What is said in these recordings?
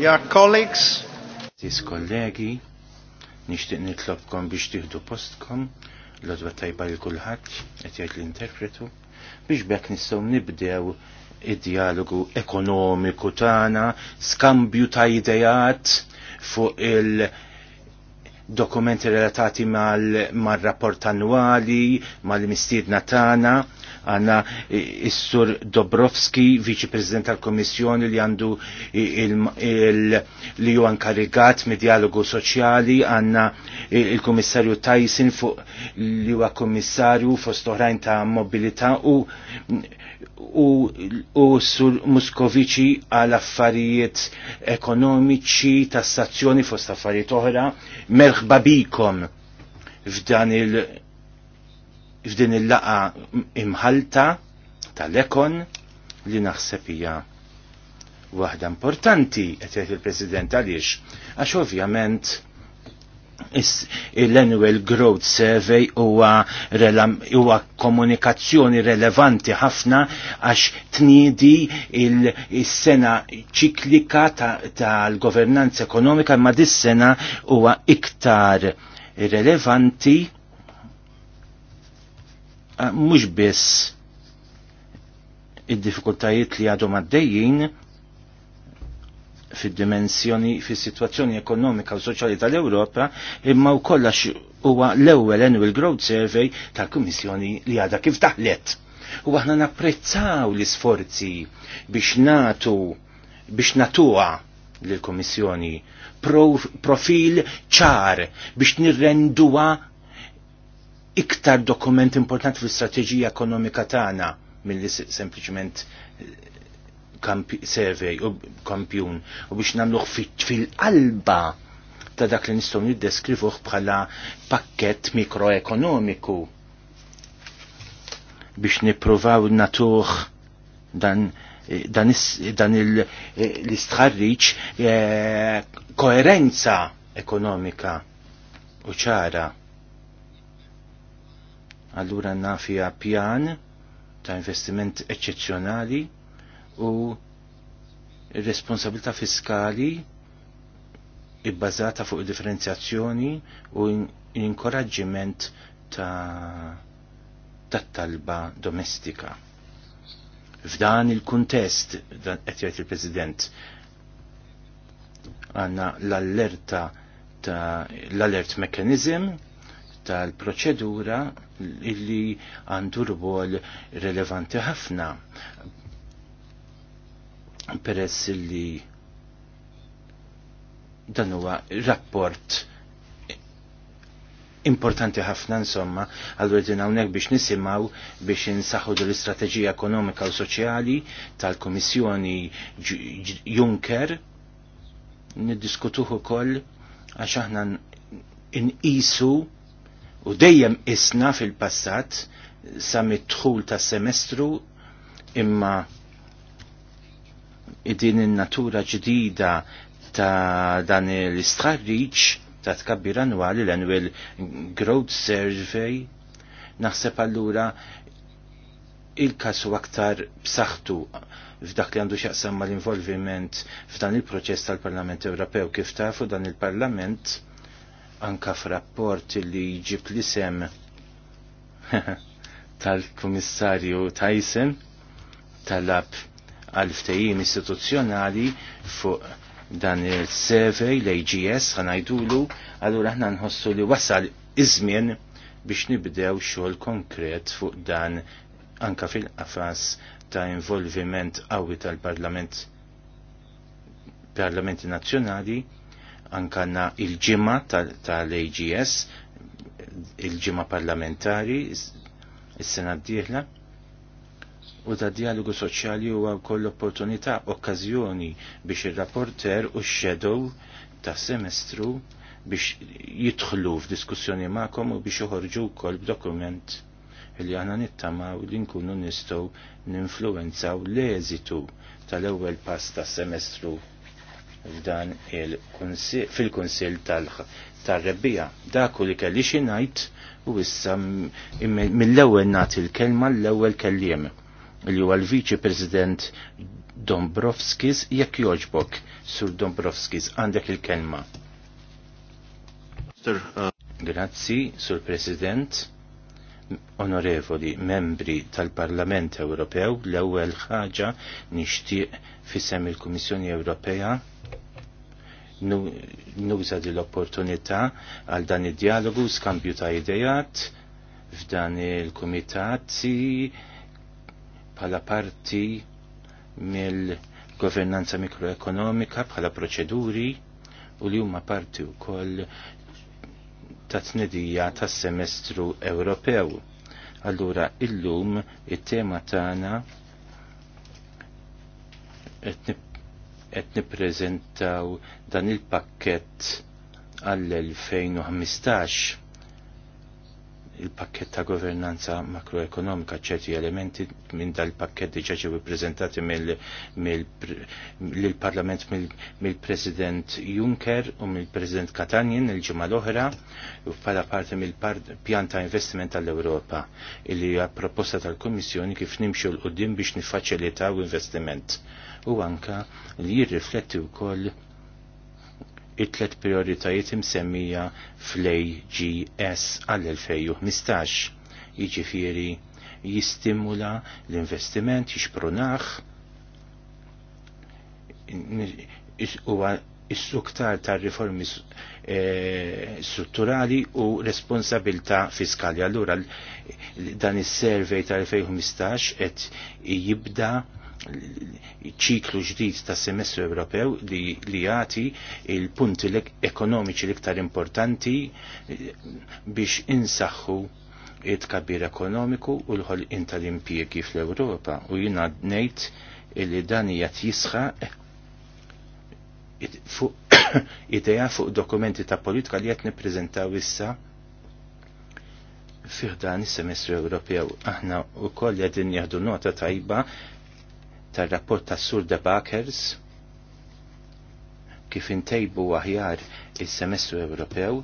Your colleagues. Tis kollegi, nishtiq nitlobkom biex tieħdu postkom, l-odwa tajba li kulħadd qed jgħid l-interpretu, biex bekk nistgħu nibdew id-dialogu ekonomiku tagħna, skambju ta' idejat fuq il- dokumenti relatati mal-rapport mal annuali, mal-mistiedna tagħna, għanna Issur sur Dobrovski, Viċi President tal-Komissjoni li għandu li ju ankarigat mid dialogu soċjali, għanna il-Komissarju Tyson li huwa Komissarju fost oħrajn ta' mobilità u u, u sur Muskovici għal affarijiet ekonomiċi, tassazzjoni fost affarijiet oħra, merħ ħbabikom f'dan il- f'din il-laqa imħalta tal-ekon li naħseb hija waħda importanti qed il-President għaliex għax ovvjament l-Annual Growth Survey huwa komunikazzjoni relevanti ħafna għax tniedi il-sena ċiklika tal-governanza ta ekonomika ma dis-sena huwa iktar relevanti ah, mhux biss id-diffikultajiet li għadhom għaddejjin fid-dimensjoni fis-sitwazzjoni ekonomika u soċjali tal-Ewropa imma wkoll kollax huwa l-ewwel annual growth survey tal-Kummissjoni li għadha kif taħlet. U aħna napprezzaw l-isforzi biex natu biex natuha lill-Kummissjoni profil ċar biex nirrenduha iktar dokument importanti fl-istrateġija ekonomika tagħna milli sempliċement survey u kampjun u biex nagħmluh fil-qalba ta' dak li nistgħu niddeskrivuh bħala pakkett mikroekonomiku biex nippruvaw natuh dan dan, dan l-istħarriċ eh, koerenza ekonomika u ċara. Allura nafija pjan ta' investiment eccezzjonali u responsabilità fiskali ibbażata fuq differenzjazzjoni u inkoraġġiment ta' tat-talba domestika. F'dan il-kuntest, dan qed jgħid il-President, għandna l-allerta ta' l-alert mechanism tal-proċedura illi għandu rwol rilevanti ħafna peress li dan huwa rapport importanti ħafna insomma għal din hawnhekk biex nisimgħu biex insaħħu l-istrateġija ekonomika u soċjali tal-Kummissjoni Juncker niddiskutuh ukoll għax aħna inqisu u dejjem isna fil-passat sa mit-dħul tas-semestru imma din in-natura ġdida ta' dan l-istħarriġ ta' tkabbir annwali l-annual growth survey naħseb allura il-kasu aktar bsaħtu f'dak li għandu xaqsam ma l-involviment f'dan il-proċess tal-Parlament Ewropew kif tafu dan il-Parlament anka f'rapport li jġib li sem tal-Kummissarju Tyson tal-app għal ftehim istituzzjonali fuq dan il-survey l-AGS għanajdulu allura aħna nħossu li wasal iż-żmien biex nibdew xogħol konkret fuq dan anka fil-qafas ta' involviment qawwi tal-Parlament Parlamenti Nazzjonali anka na il-ġimma tal-AGS il ġimgħa parlamentari is-sena d-dieħla u ta' dialogu soċjali huwa wkoll opportunità, okkażjoni biex ir-rapporter u x-shadow ta' semestru biex jidħlu f'diskussjoni ma'kom u biex joħorġu wkoll b'dokument li aħna nittamaw li nkunu nistgħu ninfluwenzaw l-eżitu tal-ewwel pass ta' semestru f'dan fil-Kunsill tal-Rebbija. Daku li kelli xi ngħid u issa mill-ewwel nagħti l-kelma l-ewwel kelliem li huwa l-Viċi President Dombrovskis jekk joġbok sur Dombrovskis għandek il-kelma. Uh, Grazzi, sur President, onorevoli membri tal-Parlament Ewropew, l-ewwel ħaġa nixtieq fisem il-Kummissjoni Ewropea nuża din l-opportunità għal dan id-dialogu skambju ta' idejat f'dan il-kumitati bħala parti mill-governanza mikroekonomika bħala proċeduri u li huma parti wkoll ta' tnedija tas-semestru Ewropew. Allura illum it-tema tagħna qed nippreżentaw dan il-pakkett għall-2015 il-pakket ta' governanza makroekonomika ċerti elementi minn dal-pakket diġa ġew prezentati lill-Parlament mill-President Juncker u mill-President Katanjen il-ġimgħa l-oħra bħala parti mill-pjan ta' investiment tal-Ewropa illi hija proposta tal-Kummissjoni kif nimxu l qudiem biex niffaċilitaw investiment u anka li jirrifletti wkoll it-tlet prioritajiet imsemmija fl-AGS għall-2015. Jiġifieri jistimula l-investiment, jixprunaħ, huwa is-suktar tar-riformi e, strutturali u responsabilta fiskali. Allura dan is-survey tal-2015 qed jibda ċiklu ġdid ta' semestru Ewropew li, li jagħti il-punti ekonomiċi l-iktar importanti eh, biex insaħħu it-kabir ekonomiku u l-ħolqin tal-impjiegi fl-Ewropa u jina ngħid li dan hija jisħaq eh, ideja idea fuq dokumenti ta' politika li qed nippreżentaw issa fih dan is-semestru Ewropew aħna wkoll qegħdin jaħdu nota tajba tal-rapport tas Sur de Bakers kif intejbu aħjar il-semestru Ewropew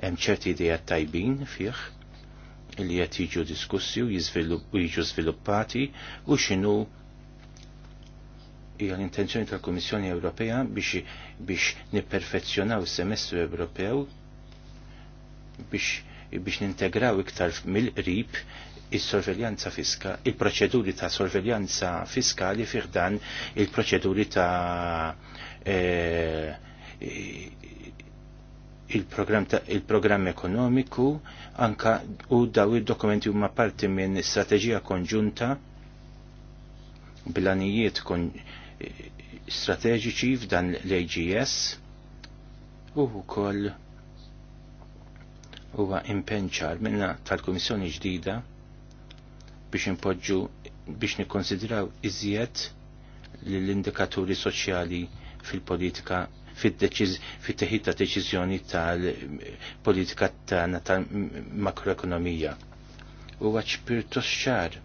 hemm ċerti idejat tajbin fih li qed jiġu diskussi u jiġu sviluppati u x'inhu hija l-intenzjoni tal-Kummissjoni Ewropea biex biex nipperfezzjonaw is-semestru Ewropew biex biex nintegraw iktar mill-qrib il-sorveljanza fiska, il-proċeduri ta' sorveljanza fiskali fiħdan il-proċeduri ta' eh, il-programm -program ekonomiku anka u daw il-dokumenti huma parti minn strateġija konġunta bilanijiet kon strateġiċi f'dan l-AGS u wkoll huwa impenċar minna tal-Kummissjoni ġdida biex impoġġu biex nikkonsidraw iżjed l-indikaturi soċjali fil-politika fit-teħid ta' deċiżjoni tal-politika tagħna tal-makroekonomija. U għax pirtos ċar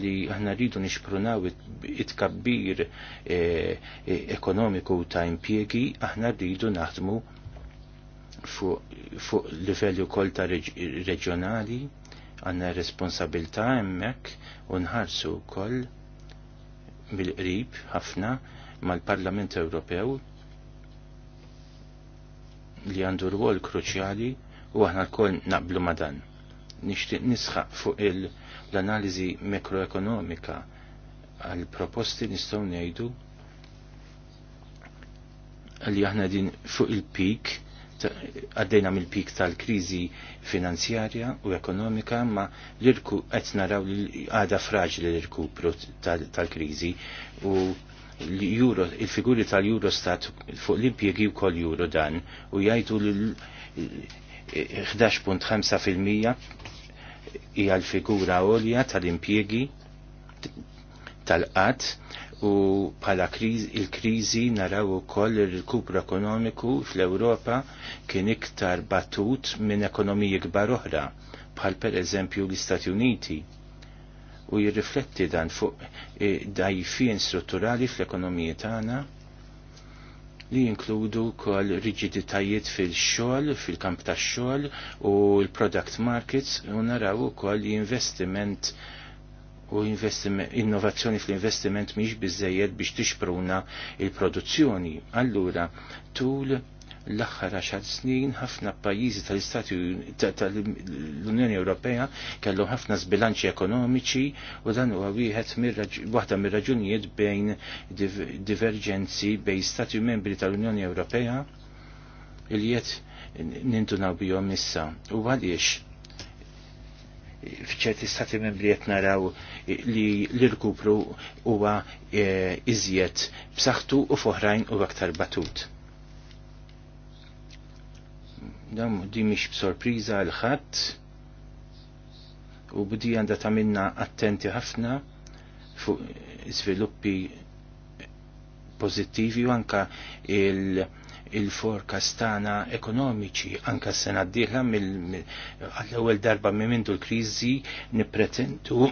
li aħna rridu nixprunaw it-kabbir e, e, ekonomiku ta' impjegi, aħna rridu naħdmu fuq livelli wkoll ta' reġjonali għanna responsabilta emmek unħarsu koll bil-qrib ħafna mal-Parlament Ewropew li għandu rwol kruċjali u aħna l-koll naqblu madan. Nishtiq nisħaq fuq l-analizi mikroekonomika għal proposti nistaw nejdu li aħna din fuq il-pik għaddejna mill-pik tal-krizi finanzjarja u ekonomika, ma l-irku qed naraw li għada fraġli l-irkupru tal-krizi u l il-figuri tal stat fuq l-impjegi u kol juro dan u jgħidu l-11.5% hija l-figura għolja tal impiegi tal-qatt u bħala il-krizi naraw ukoll il-rikupru ekonomiku fl-Ewropa kien iktar batut minn ekonomiji kbar oħra bħal per eżempju l-Istati Uniti u jirrifletti dan fuq eh, dajfien strutturali fl-ekonomiji tagħna li jinkludu kol rigiditajiet fil-xol, fil-kamp ta' xol u l-product markets u naraw kol investiment u innovazzjoni fl-investiment miex bizzejed biex tixpruna il-produzzjoni. Allura, tul l-axħar 10 snin ħafna pajjiżi tal-Istati tal-Unjoni Ewropea kellu ħafna sbilanċi ekonomiċi u dan huwa wieħed waħda mir-raġunijiet bejn divergenzi bejn Stati membri tal-Unjoni Ewropea il-jiet nindunaw bihom issa. U għaliex fċerti stati membri qed naraw li l-irkupru huwa e, iżjed b'saħħtu u foħrajn u aktar batut. Dam di mhix b'sorpriża l ħadd u bdi għandha tagħmilna attenti ħafna fuq żviluppi pożittivi u anka il- il forkas tagħna ekonomiċi anka s-sena d-dieħla għall-ewwel darba mimintu l-kriżi nippretendu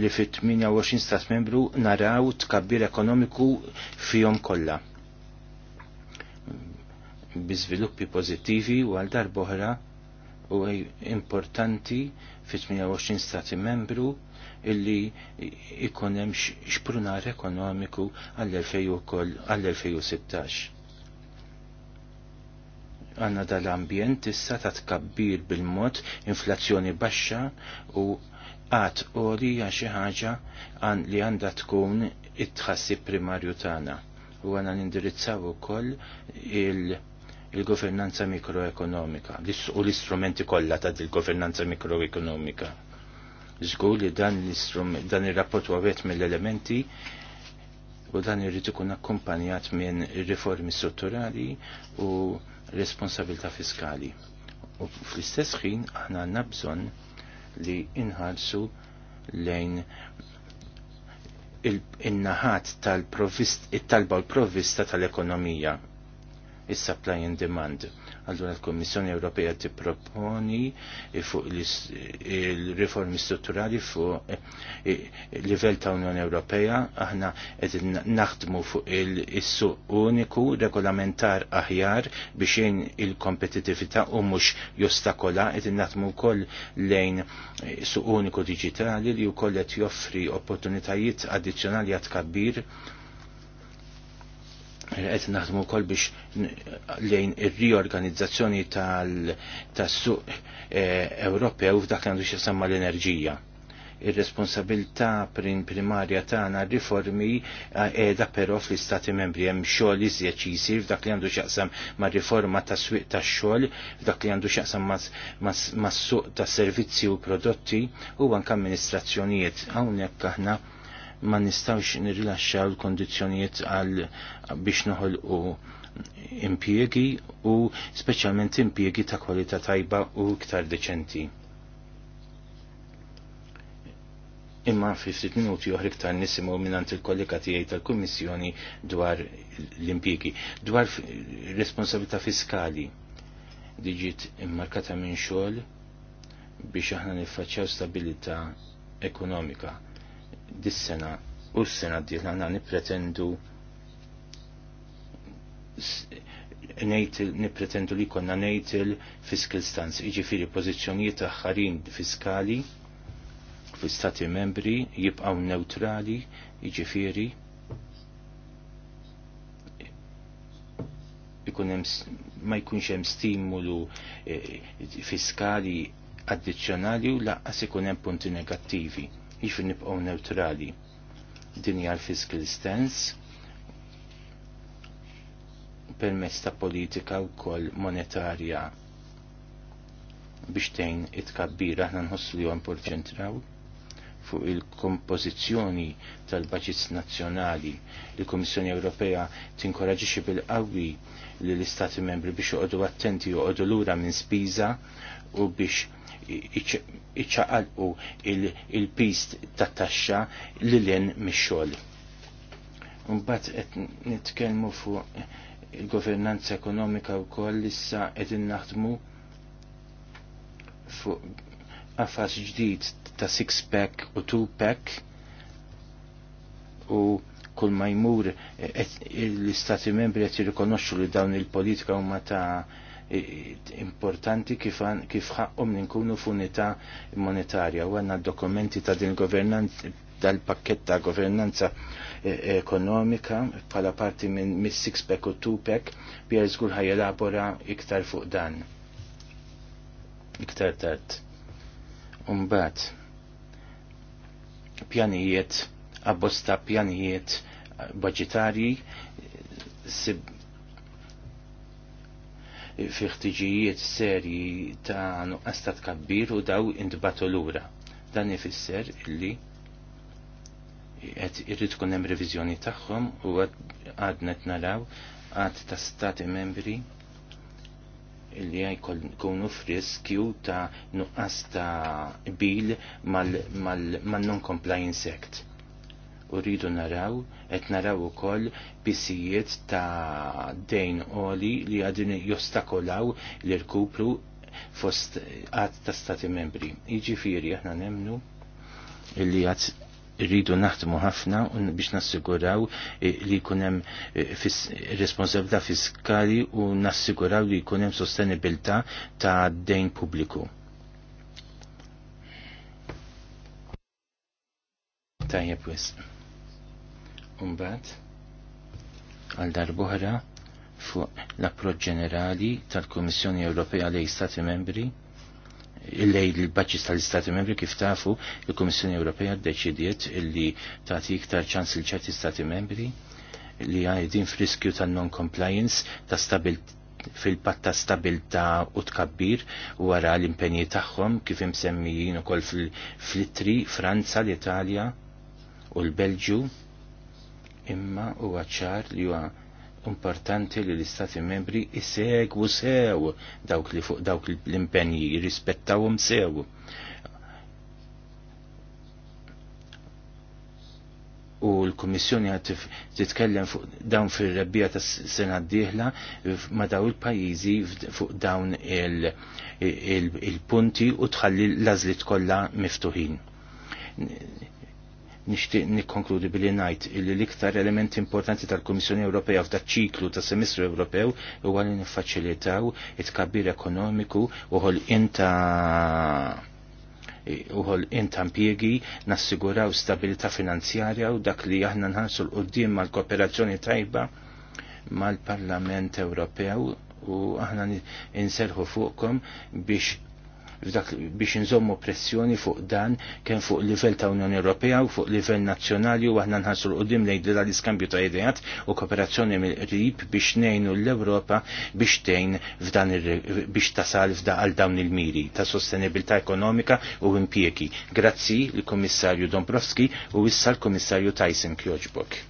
li fit-28 stat membru naraw tkabbir ekonomiku fihom kollha. Bi żviluppi pożittivi u għal darba oħra u importanti fit-28 stati membru illi ikun hemm xprunar ekonomiku għall-2016 Għanna dal-ambjent issa ta' tkabbir bil-mod, inflazzjoni baxxa u għat ori xi ħaġa li għandha tkun it-tħassib primarju tagħna. U għanna nindirizzaw ukoll il- il-governanza mikroekonomika u l-istrumenti kollha ta' il-governanza mikroekonomika. Żgur li dan l-istrument dan ir-rapport għawet mill-elementi u dan irrid ikun akkumpanjat minn riformi strutturali u responsabilta fiskali. U fl-istess ħin aħna għandna bżonn li inħarsu lejn il-naħat tal-talba l-provvista tal-ekonomija, il-supply and demand Allura l-Kommissjoni Ewropea tipproponi fuq il-riformi strutturali fuq eh, eh, livell ta' Unjoni Ewropea, aħna qed naħdmu fuq il-suq uniku regolamentar aħjar biex jgħin il-kompetitività u mhux jostakola qed naħdmu wkoll lejn eh, suq uniku diġitali li wkoll qed joffri opportunitajiet addizzjonali għat kabbir qed naħdmu wkoll biex lejn ir-riorganizzazzjoni tas-suq u e, f'dak li għandu xisamma l-enerġija. ir responsabilta primarja tagħna riformi qiegħda però fl-Istati Membri hemm xogħol iżjed jisir f'dak li għandu x'jaqsam mar-riforma tas-swieq tax-xogħol, f'dak li għandu x'jaqsam mas-suq tas-servizzi u prodotti u anke amministrazzjonijiet hawnhekk aħna ma nistawx nirilaxxaw l-kondizjonijiet għal biex u impjiegi u speċjalment impjiegi ta' kwalità tajba u iktar deċenti. Imma fi ftit minuti oħra iktar nisimgħu mingħand il-kollega tiegħi tal-Kummissjoni dwar l-impjiegi, dwar responsabilità fiskali li ġiet immarkata minn xogħol biex aħna niffaċċjaw stabilità ekonomika dis-sena u s-sena d-dieħla għandna nippretendu nipretendu li konna nejtil fiskal fiscal iġi iġifiri pozizjoniet aħħarin fiskali fi stati membri jibqaw neutrali, iġi jiġifieri ikun ma jkunx hemm stimulu eh, fiskali addizzjonali u laqqas ikun hemm punti negattivi jifu nibqgħu neutrali. Din hija l-fiscal stance permezz ta' politika wkoll monetarja biex tgħin it-kabbir aħna nħossu li importantraw fuq il-kompożizzjoni tal-baġits nazzjonali. l kummissjoni Ewropea tinkoraġixxi bil-qawwi li l-Istati membri biex joqogħdu attenti joqogħdu lura minn spiża u biex iċċaqalqu il-pist tat taxxa li l mix-xogħol. Unbat qed nitkellmu fuq il-governanza ekonomika wkoll issa qegħdin naħdmu fuq għafas ġdid ta' six pack u two pack u kull ma jmur eh, eh, l-istati membri qed jirrikonoxxu li dawn il-politika huma ta' importanti kif ħaqqom li nkunu f'unità monetarja u għanna dokumenti ta' din governanza dal-pakket ta' governanza e-, ekonomika pala parti minn mis six pack u two pack Pierre Zgur ħajelabora iktar fuq dan. Iktar tard. Umbat. Pjanijiet, abbosta pjanijiet budgetari fi ħtiġijiet serji ta' nuqqas ta' tkabbir u daw l lura. Dan ifisser illi għed irrit kunem hemm reviżjoni tagħhom u għad qed naraw għad ta' stati membri illi jkunu friskju ta' nuqqas ta' bil mal-non-compliance mal, mal, mal non-compliance act u rridu naraw, et naraw u koll bisijiet ta' dejn oli li għadin jostakolaw l-irkupru fost għad ta' stati membri. Iġifiri, aħna nemnu li għad rridu naħdmu ħafna biex nassiguraw eh, li kunem eh, responsabilità fiskali u nassiguraw li kunem sostenibilità ta' dejn pubbliku. Tajjeb wisq. Umbat, għal darbohra fuq l-approċ ġenerali tal-Komissjoni Ewropea lej Stati Membri, lej l-Baċis tal-Stati Membri kif tafu, il-Komissjoni Ewropea deċidiet illi tagħti iktar ċans il ċerti Stati Membri li għajdin friskju tal-non-compliance ta' stabil fil ta' stabilta u tkabbir wara l-impenji tagħhom kif imsemmijin ukoll fil-Flittri, Franza, l-Italja u l-Belġu imma huwa ċar li huwa importanti li l-istati membri isegwu sew dawk li fuq dawk l-impenji jirrispettawhom sew. U l-Kummissjoni għad titkellem fuq dawn fir-rebbija tas sena d-dieħla ma daw il-pajjiżi fuq dawn il-punti u tħalli l-għażliet kollha miftuħin nixtieq nikkonkludi billi ngħid illi l-iktar element importanti tal-Kummissjoni Ewropea f'dak ċiklu ta' semestru Ewropew huwa li niffaċilitaw it-kabbir ekonomiku u ħolqien ta' uħol intampiegi nassiguraw stabilità finanzjarja u dak li aħna nħansu l-qoddim mal-kooperazzjoni tajba mal-Parlament Ewropew u aħna inserħu fuqkom biex biex nżommu pressjoni fuq dan kemm fuq livell ta' Unjoni Ewropea u fuq livell nazzjonali u aħna nħassu l-qudiem lejn l-iskambju ta' ideat u kooperazzjoni mill-qrib biex ngħinu l-Ewropa biex tgħin f'dan biex tasal għal dawn il-miri ta' sostenibilità ekonomika u impieki. Grazzi l-Kummissarju Dombrovski u issa l-Kummissarju Tyson Kjoġbok.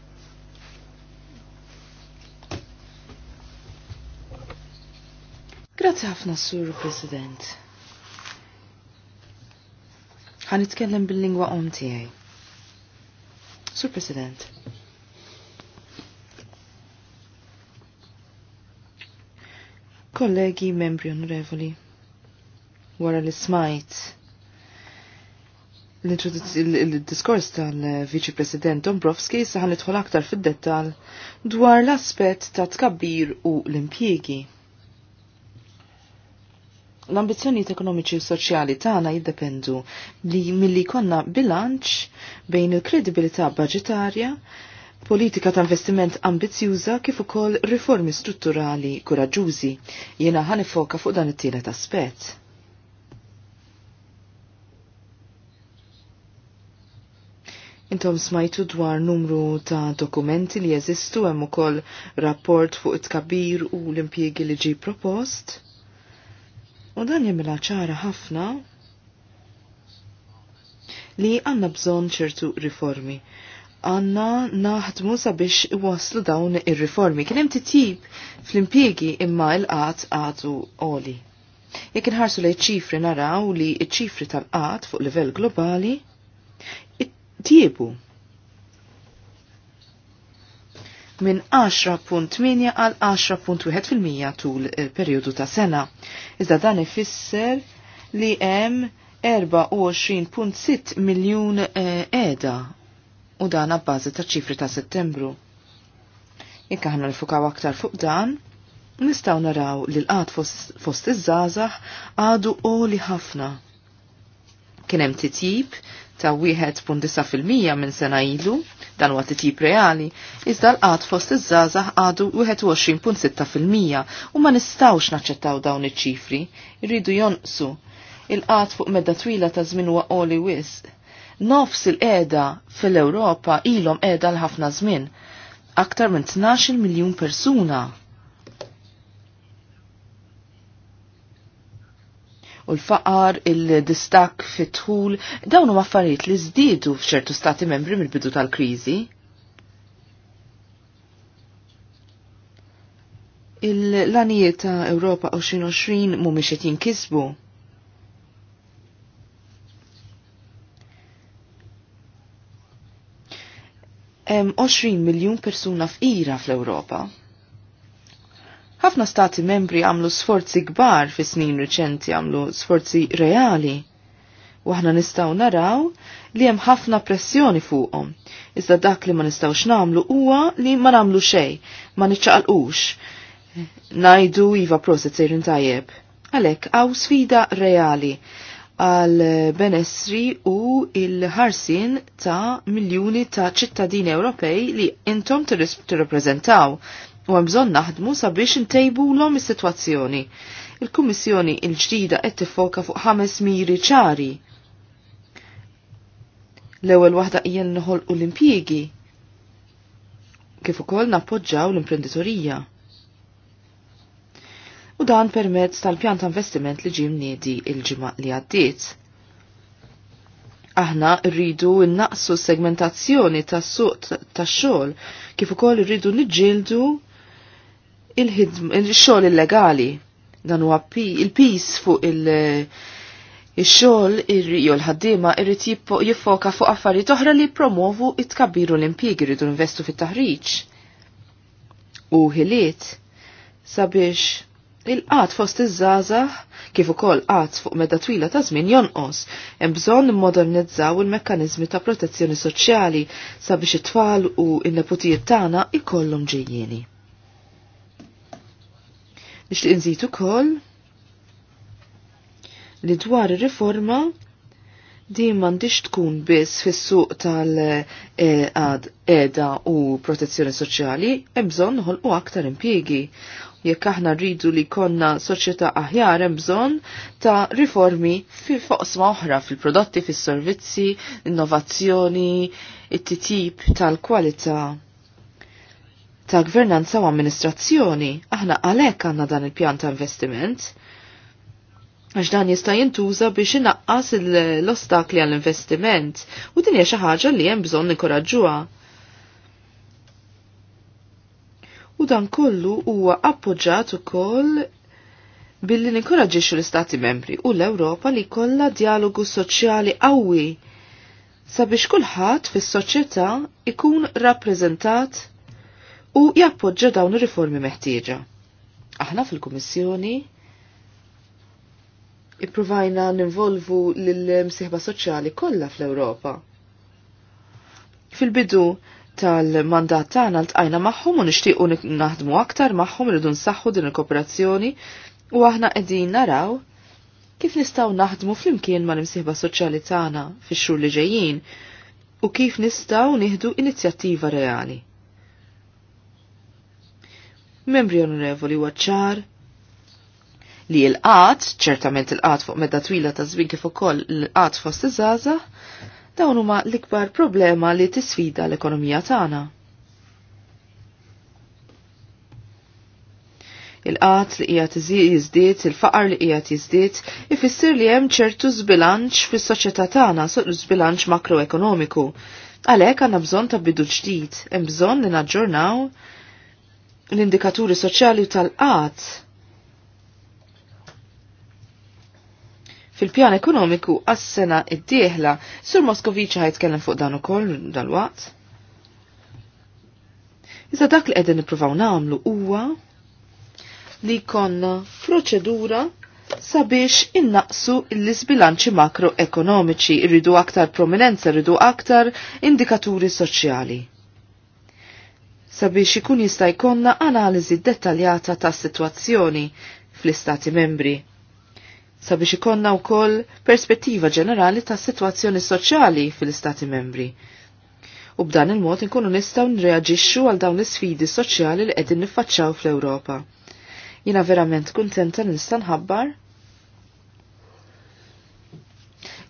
Grazzi ħafna, Sur President. Ħan nitkellem bil-lingwa om tiegħi. Sur President. Kollegi membri onorevoli, wara li smajt l-diskors tal-Viċi President Dombrovski saħan idħol aktar fid-dettal dwar l-aspett ta' tkabbir u l-impjiegi l-ambizjonijiet ekonomiċi u soċjali tagħna jiddependu li milli konna bilanċ bejn il-kredibilità budgetarja, politika ta' investiment ambizjuża kif ukoll riformi strutturali kuraġużi. Jiena ħanifoka fuq dan it-tielet aspett. Intom smajtu dwar numru ta' dokumenti li jeżistu hemm ukoll rapport fuq it-kabir u l-impjiegi li ġi propost U dan jemmila ċara ħafna li għanna bżon ċertu riformi. Għanna naħdmu sabiex waslu dawn ir-riformi. Kien hemm titjib fl-impjiegi imma l-qat għadu oli. Jekk inħarsu li ċifri naraw li ċifri tal-qat fuq livell globali tiebu minn 10.8 għal 10.1% tul il-periodu eh, ta' sena. Iżda dan ifisser li hemm 24.6 miljun eh, qiegħda u dan abbażi ta' ċifri ta' Settembru. Jekk aħna nfukaw aktar fuq dan, nistgħu naraw li l-qad fost iż-żgħażagħ għadu oli ħafna. Kien hemm titjib ta' 1.9% minn sena ilu, dan huwa titjib reali, iżda l-qat fost iż-żazax għadu 21.6% u ma nistawx naċċettaw dawn iċ-ċifri, irridu jonqsu. Il-qat fuq medda twila ta' żmien huwa qoli wis. Nofs il-qeda fil-Ewropa ilhom qiegħda l-ħafna żmien, aktar minn 12 miljun persuna u l-faqar, il-distak fit-tħul, dawn huma affarijiet li żdiedu f'ċertu stati membri mill-bidu tal-kriżi. Il-lanijiet ta' Ewropa 2020 mhumiex qed jinkisbu. Hemm 20 miljun persuna f'ira fl-Ewropa. Ħafna stati membri għamlu sforzi kbar fi snin riċenti għamlu sforzi reali. U aħna nistgħu naraw li hemm ħafna pressjoni fuqhom. Iżda dak li ma nistgħux nagħmlu huwa li ma nagħmlu xejn, ma niċċaqalqux. Najdu iva proset sejrin tajjeb. Għalhekk hawn sfida reali għal benessri u il-ħarsin ta' miljuni ta' ċittadini Ewropej li intom tirrappreżentaw u għamżon bżonn naħdmu sabiex l is-sitwazzjoni. Il-Kummissjoni l-ġdida qed tiffoka fuq ħames miri ċari. L-ewwel waħda hija noħolqu l-impjiegi kif ukoll nappoġġaw l-imprenditorija. U dan permezz tal-pjan ta' investiment li ġim nedi il-ġimgħa li għaddiet. Aħna rridu nnaqsu segmentazzjoni tas-suq tax-xogħol kif ukoll irridu niġġieldu il-xogħol illegali dan huwa il-pis fuq il- xol xogħol jew l-ħaddiema irrid jiffoka fuq affarijiet oħra li promovu it-kabbiru l-impjieg iridu investu fit-taħriġ. U ħiliet sabiex il-qat fost iż-żgħażagħ kif ukoll qat fuq meta twila ta' żmien jonqos, hemm bżonn immodernizzaw il-mekkaniżmi ta' protezzjoni soċjali sabiex it-tfal u n-neputijiet tagħna ikollhom ġejjieni li nżitu ukoll li dwar ir-riforma din m'għandix tkun biss fis-suq tal-qad u protezzjoni soċjali, hemm bżonn noħolqu aktar impjiegi. Jekk aħna rridu li konna soċjetà aħjar hemm bżonn ta' riformi fi foqsma oħra fil-prodotti, fis-servizzi, innovazzjoni, it titib tal-kwalità ta' gvernanza u amministrazzjoni. Aħna għalhekk għandna dan il-pjan ta' investiment għax dan jista' jintuża biex inaqqas l-ostakli għall-investiment u din hija xi ħaġa li hemm bżonn nikoraġġuha. U dan kollu huwa appoġġjat ukoll billi ninkoraġġixxu l-Istati Membri u l-Ewropa li kollha dialogu soċjali qawwi sabiex kulħadd fis-soċjetà ikun rappreżentat u jappoġġa dawn ir-riformi meħtieġa. Aħna fil-Kummissjoni ippruvajna ninvolvu lill-msieħba soċjali kollha fl-Ewropa. Fil-bidu tal-mandat tagħna ltqajna magħhom u nixtiequ naħdmu aktar magħhom irridu nsaħħu din il-kooperazzjoni u aħna qegħdin naraw kif nistgħu naħdmu flimkien mal-imsieħba soċjali tagħna fix-xhur li ġejjin u kif nistgħu nieħdu inizjattiva reali. Membri onorevoli waċċar li l-qat, ċertament l-qat fuq medda twila ta' żmien kif ukoll l-qat fost iż-żaża, dawn huma l-ikbar problema li tisfida l-ekonomija tagħna. Il-qat li qiegħed jiżdied, il-faqar li qiegħed jiżdied, ifisser li hemm ċertu żbilanċ fis-soċjetà tagħna, żbilanċ makroekonomiku. Għalhekk għandna bżonn ta' bidu ġdid, hemm bżonn li naġġornaw l-indikaturi soċjali tal-qat fil-pjan ekonomiku għas-sena id-dieħla, Sur Moskoviċi ħajtkellem fuq dan ukoll dal-waqt. Iżda dak li qegħdin nippruvaw nagħmlu huwa li konna proċedura sabiex innaqsu l-isbilanċi makroekonomiċi, rridu aktar prominenza, rridu aktar indikaturi soċjali sabiex ikun jista' jkollna analiżi dettaljata ta' sitwazzjoni fl-istati membri. Sabiex ikonna wkoll perspettiva ġenerali ta' sitwazzjoni soċjali fl-istati membri. U b'dan il-mod inkunu nistgħu nreaġixxu għal dawn l-isfidi soċjali li qegħdin niffaċċaw fl-Ewropa. Jina verament kuntenta nista' nħabbar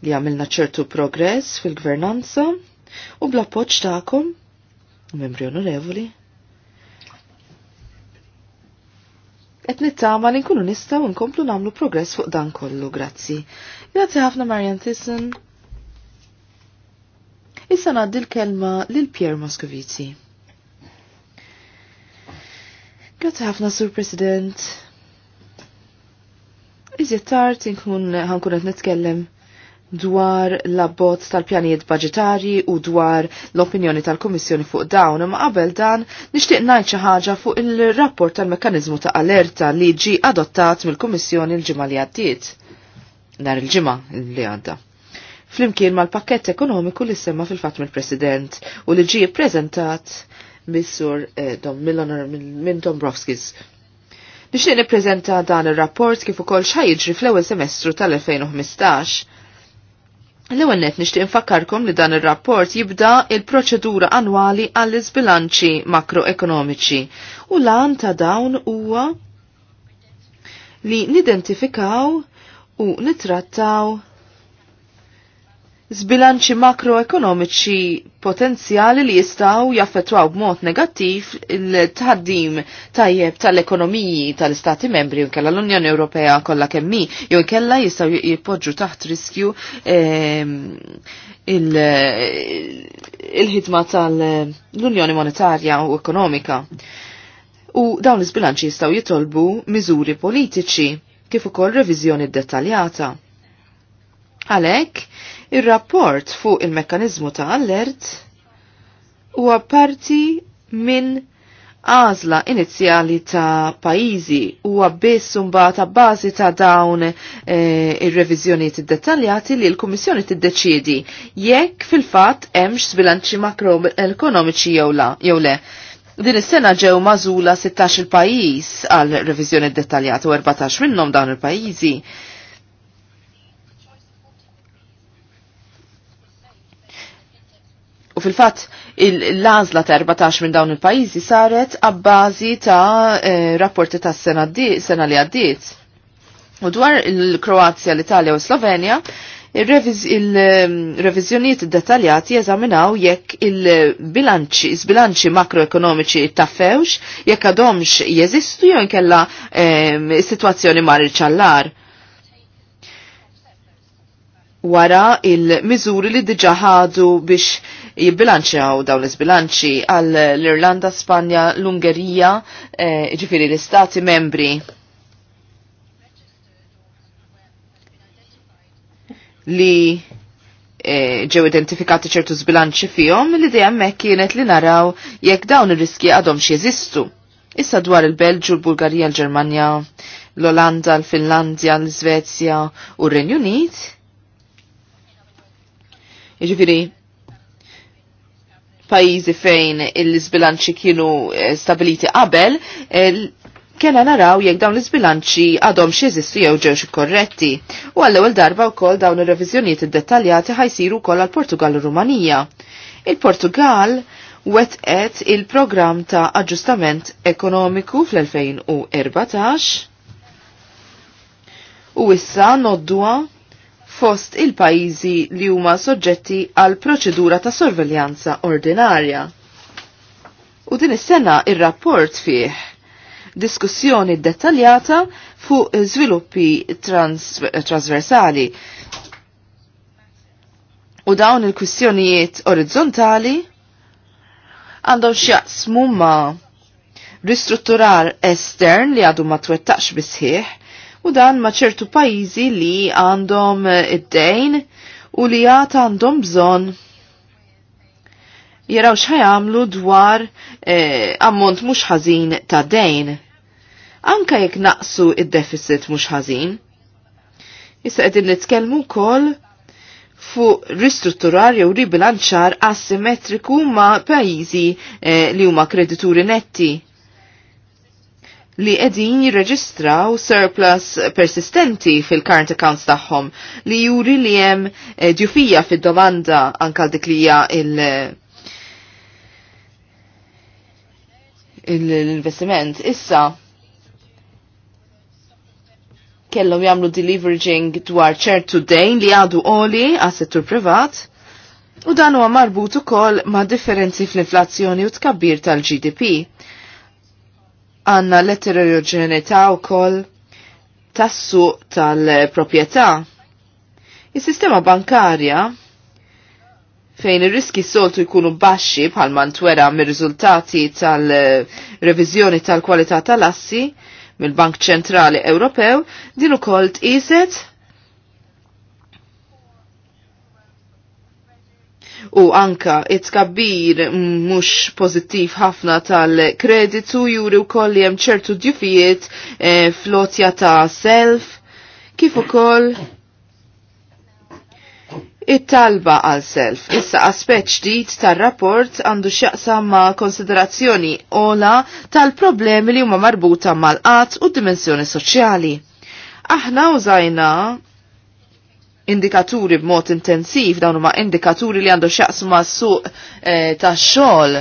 li għamilna ċertu progress fil-gvernanza u bl-appoġġ tagħkom membri onorevoli. Et nittama li nkunu nistaw nkomplu namlu progress fuq dan kollu, grazzi. Grazzi ħafna Marian Thyssen. Issa naddi l-kelma lil pierre Moscovici. Grazzi ħafna, Sur President. Iżjed tard inkun ħankun qed nitkellem dwar l-abbozz tal-pjanijiet budgetari u dwar l-opinjoni tal-Komissjoni fuq dawn, imma qabel dan nixtieq ngħid xi ħaġa fuq il-rapport tal-mekkaniżmu ta' alerta li ġi adottat mill-Kummissjoni l-ġimgħa li għaddiet. Nar il-ġimgħa li għadda. Flimkien mal-pakkett ekonomiku li semma fil-fatt mill-President u li ġi ppreżentat mis-sur eh, minn Dombrovskis. Nixtieq nippreżenta dan ir-rapport kif ukoll x'ħajġri fl-ewwel semestru tal-2015 L-ewwel net nixtieq infakkarkom li dan ir-rapport jibda il-proċedura annwali għall iżbilanċi makroekonomiċi u lan ta' dawn huwa li nidentifikaw u nitrattaw Zbilanċi makroekonomiċi potenzjali li jistaw jaffetwaw b'mod negattiv il-tħaddim tajjeb tal-ekonomiji tal-Istati membri u kella l-Unjoni Ewropea kollha kemmi jew kella jistaw jippoġġu taħt riskju ehm, il-ħidma tal-Unjoni Monetarja u Ekonomika. U dawn l-isbilanċi jistaw jitolbu miżuri politiċi kif ukoll reviżjoni dettaljata Għalek, il-rapport fuq il-mekkanizmu ta' allert huwa parti minn għazla inizjali ta' pajizi u biss ta' bazi ta' dawn e, eh, il-revizjoniet dettaljati li l-Komissjoni tiddeċiedi jekk fil-fat hemmx sbilanċi makroekonomiċi jew le. Din is-sena ġew mażula 16 il-pajjiż għal reviżjoni dettaljata u 14 minnhom dawn il-pajjiżi. il il pajjiżi U fil-fatt l-lazla ta' 14 minn dawn il-pajjiżi saret għabbażi ta' eh, rapporti ta' sena, sena li għaddiet. U dwar il-Kroazja, l-Italja u Slovenja, il-revizjoniet dettaljati jeżaminaw jekk il-bilanċi, il-bilanċi makroekonomiċi taffewx, jekk għadhomx jeżistu jew inkella eh, situazzjoni mar il-ċallar wara il-miżuri li diġaħadu ħadu biex jibbilanċjaw dawn l-isbilanċi għal l-Irlanda, Spanja, l-Ungerija, eh, ġifiri l-istati membri. li eh, ġew identifikati ċertu zbilanċi fihom li dejjem hekk kienet li naraw jekk dawn ir-riski għadhom jeżistu. Issa dwar il-Belġu, l-Bulgarija, l-Ġermanja, l-Olanda, l-Finlandja, l-Svezja u r-Renju Unit. Jiġifieri pajizi fejn il-sbilanċi kienu eh, stabiliti qabel, eh, kena naraw jekk dawn l-isbilanċi għadhom x'jeżistu jew ġewx korretti. U għall-ewwel darba wkoll dawn ir-reviżjonijiet iddettaljati ħajsiru wkoll għall-Portugal u Rumanija. Il-Portugal wetqet il-programm ta' aġġustament ekonomiku fl-2014 u issa noddua fost il-pajizi li huma soġġetti għal proċedura ta' sorveljanza ordinarja. U din is-sena ir-rapport fih diskussjoni dettaljata fuq żviluppi trans transversali u dawn il-kwistjonijiet orizzontali għandhom xjaqsmu ma' ristrutturar estern li għadu ma twettaqx bisħiħ u dan ma' ċertu pajizi li għandhom eh, id-dejn u li għat għandhom bżon jaraw xħajamlu dwar eh, ammont mux ħazin ta' dejn. Anka jekk naqsu id-deficit mux ħazin. Issa qegħdin nitkellmu wkoll fuq ristrutturar jew ribilanċar asimetriku ma' pajjiżi eh, li huma kredituri netti li edin jirreġistraw surplus persistenti fil-current accounts tagħhom li juri li hemm eh, djufija fid-domanda anka dik li hija il- l-investiment. Issa, kellhom jagħmlu deleveraging dwar ċertu dejn li għadu oli għas settur privat u dan huwa marbut ukoll ma' differenzi fl-inflazzjoni u tkabbir tal-GDP għanna l-eterogenità u koll tassu tal-propieta. Il-sistema bankarja fejn ir-riski soltu jkunu baxxi bħal mantwera mir-riżultati tal-reviżjoni tal-kwalità tal-assi mill-Bank Ċentrali Ewropew din ukoll tqiset u anka it-kabbir mux pozittiv ħafna tal-kreditu juri u koll hemm ċertu djufijiet e, flotja ta' self kif ukoll it-talba għal self. Issa aspet ġdid tar-rapport għandu x'jaqsam ma' konsiderazzjoni ola tal-problemi li huma marbuta mal-qatt u d-dimensjoni soċjali. Aħna użajna indikaturi b'mod intensiv, dawn huma indikaturi li għandu xaqs ma' suq eh, ta' xogħol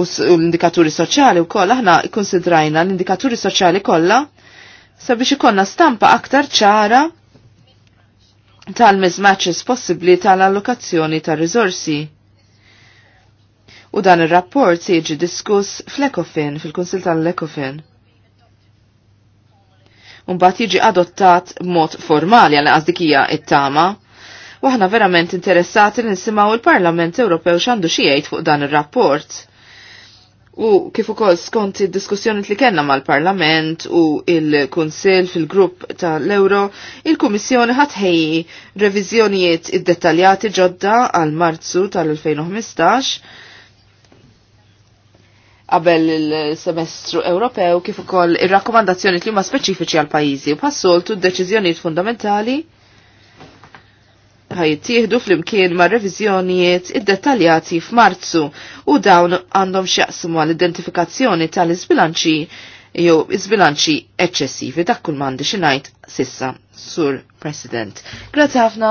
u l-indikaturi soċjali u kolla, aħna konsidrajna l-indikaturi soċjali kollha sabiex ikonna stampa aktar ċara tal-mismatches possibbli tal-allokazzjoni tal risorsi. U dan ir-rapport se jiġi diskuss fl ekofin fil-Kunsil tal ekofin mbagħad jiġi adottat mod formali għal għazdikija it-tama. Waħna verament interessati li nisimaw il-Parlament Ewropew xandu xi jgħid fuq dan ir-rapport. U kif ukoll skont id-diskussjoni li kellna mal-Parlament u il-Kunsill fil-grupp tal-Euro, il-Kummissjoni ħejji reviżjonijiet id-dettaljati ġodda għal Marzu tal-2015 qabel il-semestru Ewropew kif ukoll ir-rakkomandazzjoni li huma speċifiċi għal pajjiżi u passoltu d-deċiżjonijiet fundamentali ħajtieħdu fl-imkien ma' reviżjonijiet id-dettaljati f'Marzu u dawn għandhom x'jaqsmu għall identifikazzjoni tal-iżbilanċi jew iżbilanċi eċċessivi dak kull m'għandi xi ngħid sissa, Sur President. Grazzi ħafna.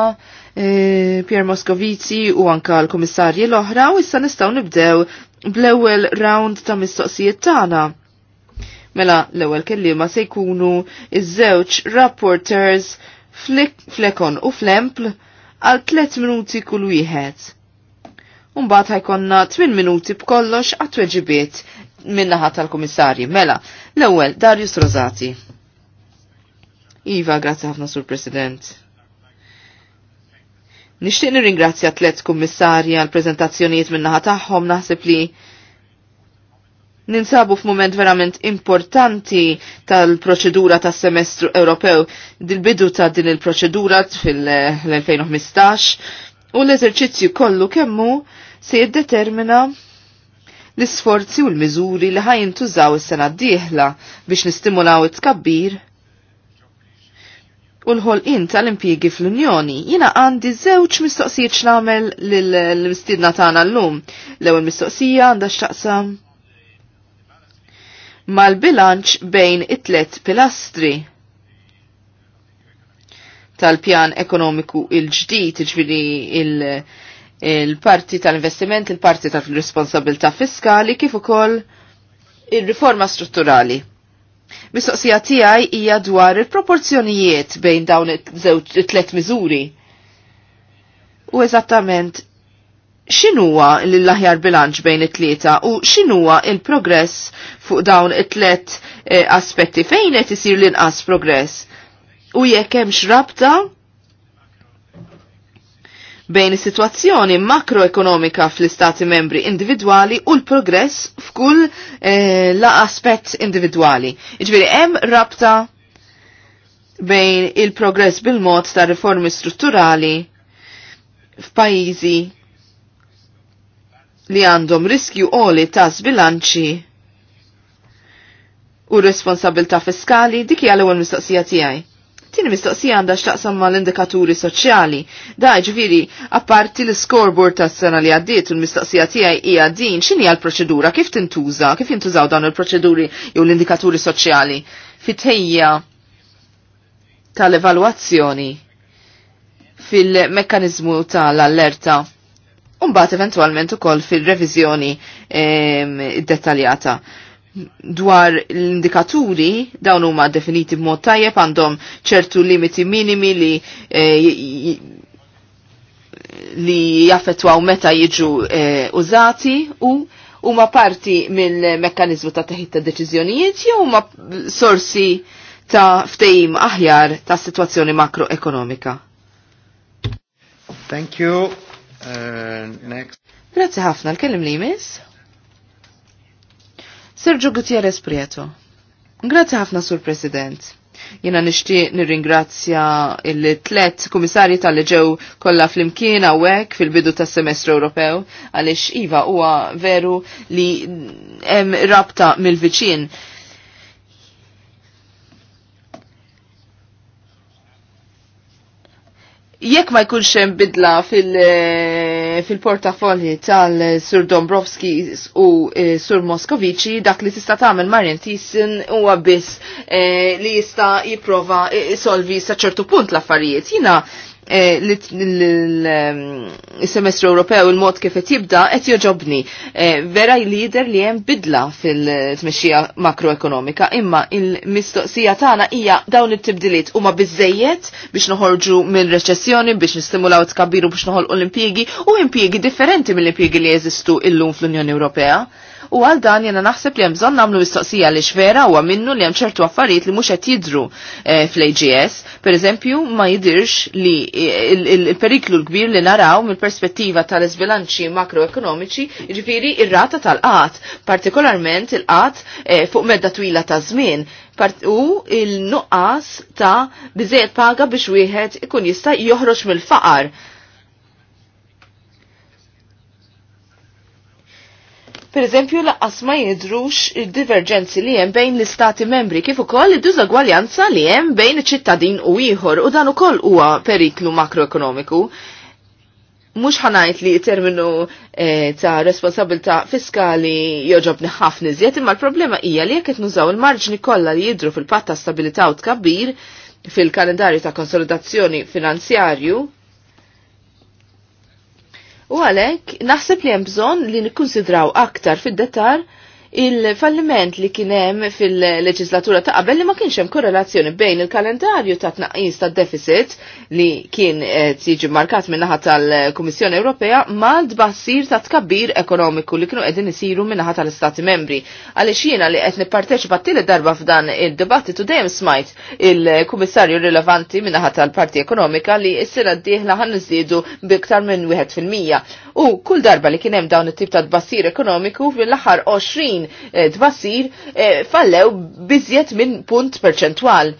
Eh, Pier Moscovici u anka l-komissarji l-oħra u issa nistaw nibdew bl-ewwel round ta' mistoqsijiet tagħna. Mela l-ewwel kelliema se jkunu iż-żewġ rapporters flekon u flempl għal 3 minuti kull wieħed. Umbagħad ħajkonna 8 minuti b'kollox għat-tweġibiet minnaħa tal-Komissarji. Mela, l-ewwel Darius Rosati. Iva, grazzi ħafna sur President. Nixtieq nirringrazzja tliet kummissarja għal preżentazzjonijiet min-naħa tagħhom naħseb li ninsabu f'mument verament importanti tal-proċedura tas semestru Ewropew dil-bidu ta' din il-proċedura fil-2015 u l-eżerċizzju kollu kemmu se jiddetermina l-isforzi u l-miżuri li ħajintużaw is-sena d-dieħla biex nistimulaw it-tkabbir u l-ħolqin tal-impjiegi fl-Unjoni, jina għandi żewġ mistoqsijiet x'namel lill-mistidna tagħna llum. L-ewwel mistoqsija għandha x'taqsam mal-bilanċ bejn it-tlet pilastri tal-pjan ekonomiku il-ġdid, ġviri il-parti il tal-investiment, tal investiment il tal-responsabilta fiskali, kif ukoll il-riforma strutturali. Mistoqsija tiegħi hija dwar il-proporzjonijiet bejn dawn iż-żewġ tliet miżuri. U eżattament x'inhuwa l-aħjar bilanċ bejn it-tlieta u x'inhuwa il-progress fuq dawn it-tlet eh, aspetti fejn qed isir l-inqas progress. U jekk hemmx rabta bejn is-sitwazzjoni makroekonomika fl-istati membri individwali u l-progress f'kull eh, la aspett individwali. Iġviri hemm rabta bejn il-progress bil-mod ta' riformi strutturali f'pajjiżi li għandhom riskju qoli ta' sbilanċi u responsabilta fiskali dik l-ewwel mistoqsija tiegħi. Tini mistoqsija għandha x'taqsam mal-indikaturi soċjali. Da ġviri, apparti l-scoreboard tas sena li għaddiet u l-mistoqsija tiegħi hija din, xini l-proċedura, kif tintuża, kif jintużaw dawn il-proċeduri jew l-indikaturi soċjali fit tal-evalwazzjoni fil-mekkanizmu tal-allerta. bat eventualment ukoll fil-reviżjoni ehm, dettaljata dwar l-indikaturi dawn huma definiti b'mod tajjeb għandhom ċertu limiti minimi li eh, li jaffettwaw meta jiġu eh, użati u huma parti mill-mekkaniżmu ta' teħid ta' deċiżjonijiet jew huma sorsi ta' ftehim aħjar ta' situazzjoni makroekonomika. Thank you. Uh, next. Grazie ħafna, l-kellim li jmiss. Sergio Gutierrez Prieto. Grazie ħafna, Sur President. Jena nishti nirringrazzja il-tlet komissarji tal ġew kollha flimkien hawnhekk fil-bidu tas-semestru Ewropew għaliex iva huwa veru li hemm rabta mill-viċin. Jekk ma jkunx hemm bidla fil- fil-portafolji tal-Sur Dombrovski u eh, Sur Moskovici dak li tista' tagħmel Marjan Tissin huwa biss eh, li jista' jipprova eh, solvi sa ċertu punt l-affarijiet. Jina Eh, ehm, il-semestru Ewropew il-mod kif qed jibda qed joġobni. Eh, vera lider li hemm bidla fil-tmexxija makroekonomika, imma il-mistoqsija tagħna hija dawn it-tibdiliet huma biżejjed biex noħorġu minn reċessjoni biex nistimulaw tkabbiru biex noħolqu l-impjiegi u impjiegi differenti mill-impjiegi li jeżistu illum fl-Unjoni Ewropea. U għal dan jena naħseb li jemżon namlu mistoqsija li xvera u għaminnu li ċertu affarijiet li mux qed jidru eh, fl-AGS. Per eżempju, ma jidirx li eh, il-periklu l-kbir li naraw mill-perspettiva tal-izbilanċi makroekonomiċi ġifiri ir-rata tal-qat, partikolarment il-qat eh, fuq medda twila ta' żmien u il-nuqqas ta' biżejt paga biex wieħed ikun jista' joħroġ mill-faqar Per eżempju, laqqas ma jidrux divergenzi li hemm bejn l-istati membri kif ukoll id-dużagwaljanza li hemm bejn iċ-ċittadin u ieħor u dan ukoll huwa periklu makroekonomiku mux ħanajt li terminu eh, ta' responsabilta' fiskali joġobni ħafna iżjed, imma l-problema hija li jekk qed nużaw il-marġni kollha li jidru fil-patta stabilità u tkabbir fil-kalendarju ta' konsolidazzjoni finanzjarju, U għalhekk naħseb li hemm bżonn li nikkonsidraw aktar fid-detar il-falliment li kienem fil-leġislatura ta' qabel li ma kienx hemm korrelazzjoni bejn il-kalendarju ta' tnaqqis ta' deficit li kien tiġi markat minnaħa tal-Kummissjoni Ewropea ma' d-bassir ta' tkabbir ekonomiku li kienu qegħdin isiru minnaħa tal-Istati Membri. Għaliex jiena li qed nipparteċipa tieli darba f'dan id-dibattitu dejjem smajt il-Kummissarju rilevanti minnaħa tal-Parti Ekonomika li s-sena ddieħla ħan biktar minn 1 fil-mija U kull darba li kien hemm dawn it-tip ta' tbassir ekonomiku fil-aħħar 20 eh, tbassir eh, fallew biżjed minn punt perċentwal.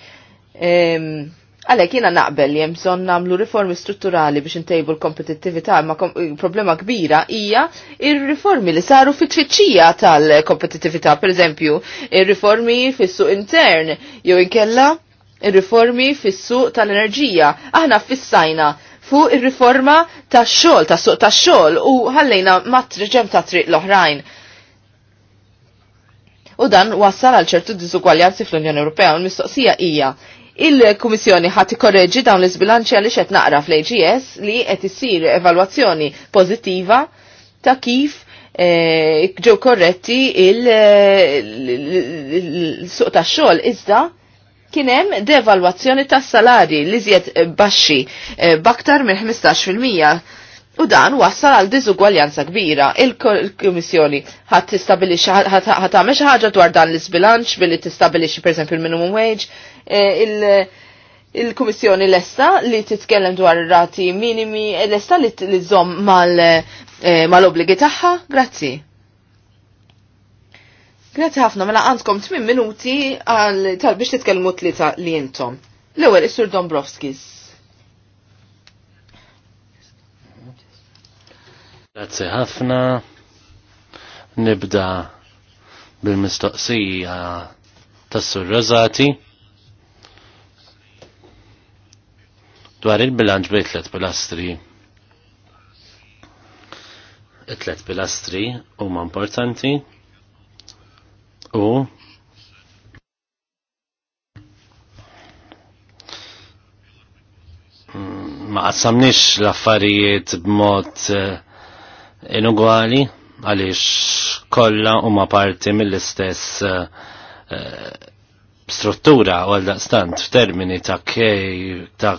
Ehm, Għalek jiena naqbel li hemm bżonn nagħmlu riformi strutturali biex intejbu l kompetittivita ma problema kbira hija il riformi li saru fit-tfittxija tal per eżempju, ir-riformi fis-suq intern jew inkella ir-riformi fis-suq tal-enerġija. Aħna fissajna fuq ir-riforma tax-xogħol, tas-suq tax-xogħol u ħallejna mat-triġem ta' triq l-oħrajn. U dan wassal għal ċertu diżugwaljanzi fl-Unjoni Ewropea u l-mistoqsija hija il-Kummissjoni ħadd korreġi dawn l izbilanċi għaliex qed naqra fl-AGS li qed isir evalwazzjoni pożittiva ta' kif ġew korretti il-suq tax-xogħol iżda kienem devalwazzjoni tas salari li zjed eh, baxxi eh, baktar minn 15%. U dan wassal għal diżugwaljanza kbira. Il-Komissjoni ħat tistabilix ħat għamel xi ħaġa dwar dan l-isbilanċ billi tistabilixxi pereżempju il-minimum wage. Eh, Il-Komissjoni lesta li titkellem dwar ir-rati minimi, lesta li tżomm mal-obligi tagħha. Grazzi. Grazie ħafna, mela għandkom 8 minuti għal tal biex titkellmu tlieta li intom. L-ewwel is-Sur Dombrovskis. Grazie ħafna. Nibda bil-mistoqsija tas-Sur Rosati. Dwar il-bilanċ bejn tliet pilastri. It-tliet pilastri huma importanti u mm, ma qassamniex l-affarijiet b'mod eh, inugwali għaliex kollha huma parti mill-istess eh, eh, struttura u għal daqstant f'termini ta' kej ta'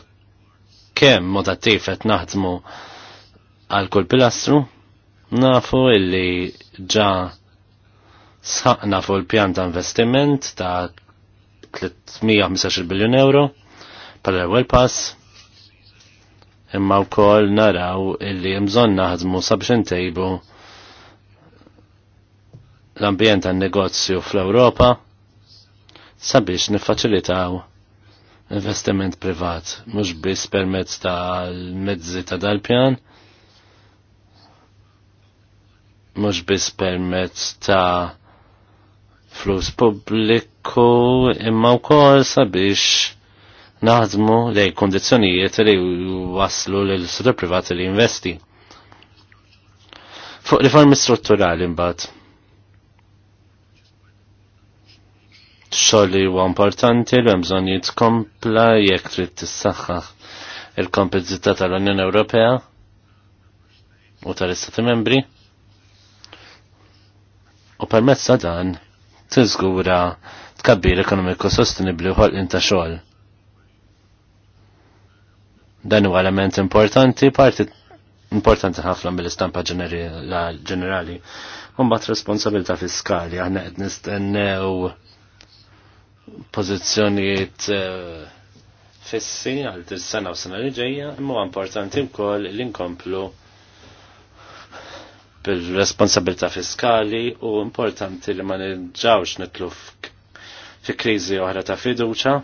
kemm mod attiv qed naħdmu għal kull pilastru nafu illi ġa' saqna fuq il-pjan ta' investiment ta' 315 biljun euro pal ewwel pass imma wkoll naraw illi mżon naħdmu sabiex intejbu l-ambjent tan negozju fl-Ewropa sabiex niffaċilitaw investiment privat mhux biss permezz tal-mezzi ta' dal-pjan mhux biss permezz ta' flus pubbliku imma wkoll sabiex naħdmu lej kondizjonijiet li waslu l sutur privat li investi. Fuq riformi strutturali mbagħad. Xogħol li huwa importanti li hemm bżonn jitkompla jekk trid tissaħħaħ il-kompetizzità tal-Unjoni Ewropea u tal-Istati Membri u permezz dan tiżgura tkabbir ekonomiku sostenibli u ħolqin ta' xogħol. Dan huwa element importanti, parti importanti ħafna mill-istampa ġenerali. Mbagħad responsabilità fiskali aħna qed nistennew pożizzjonijiet eh, fissi għal sena u sena li ġejja, imma importanti wkoll li nkomplu bil-responsabilità fiskali u importanti li ma nġawx nitlu fi kriżi oħra ta' fiduċa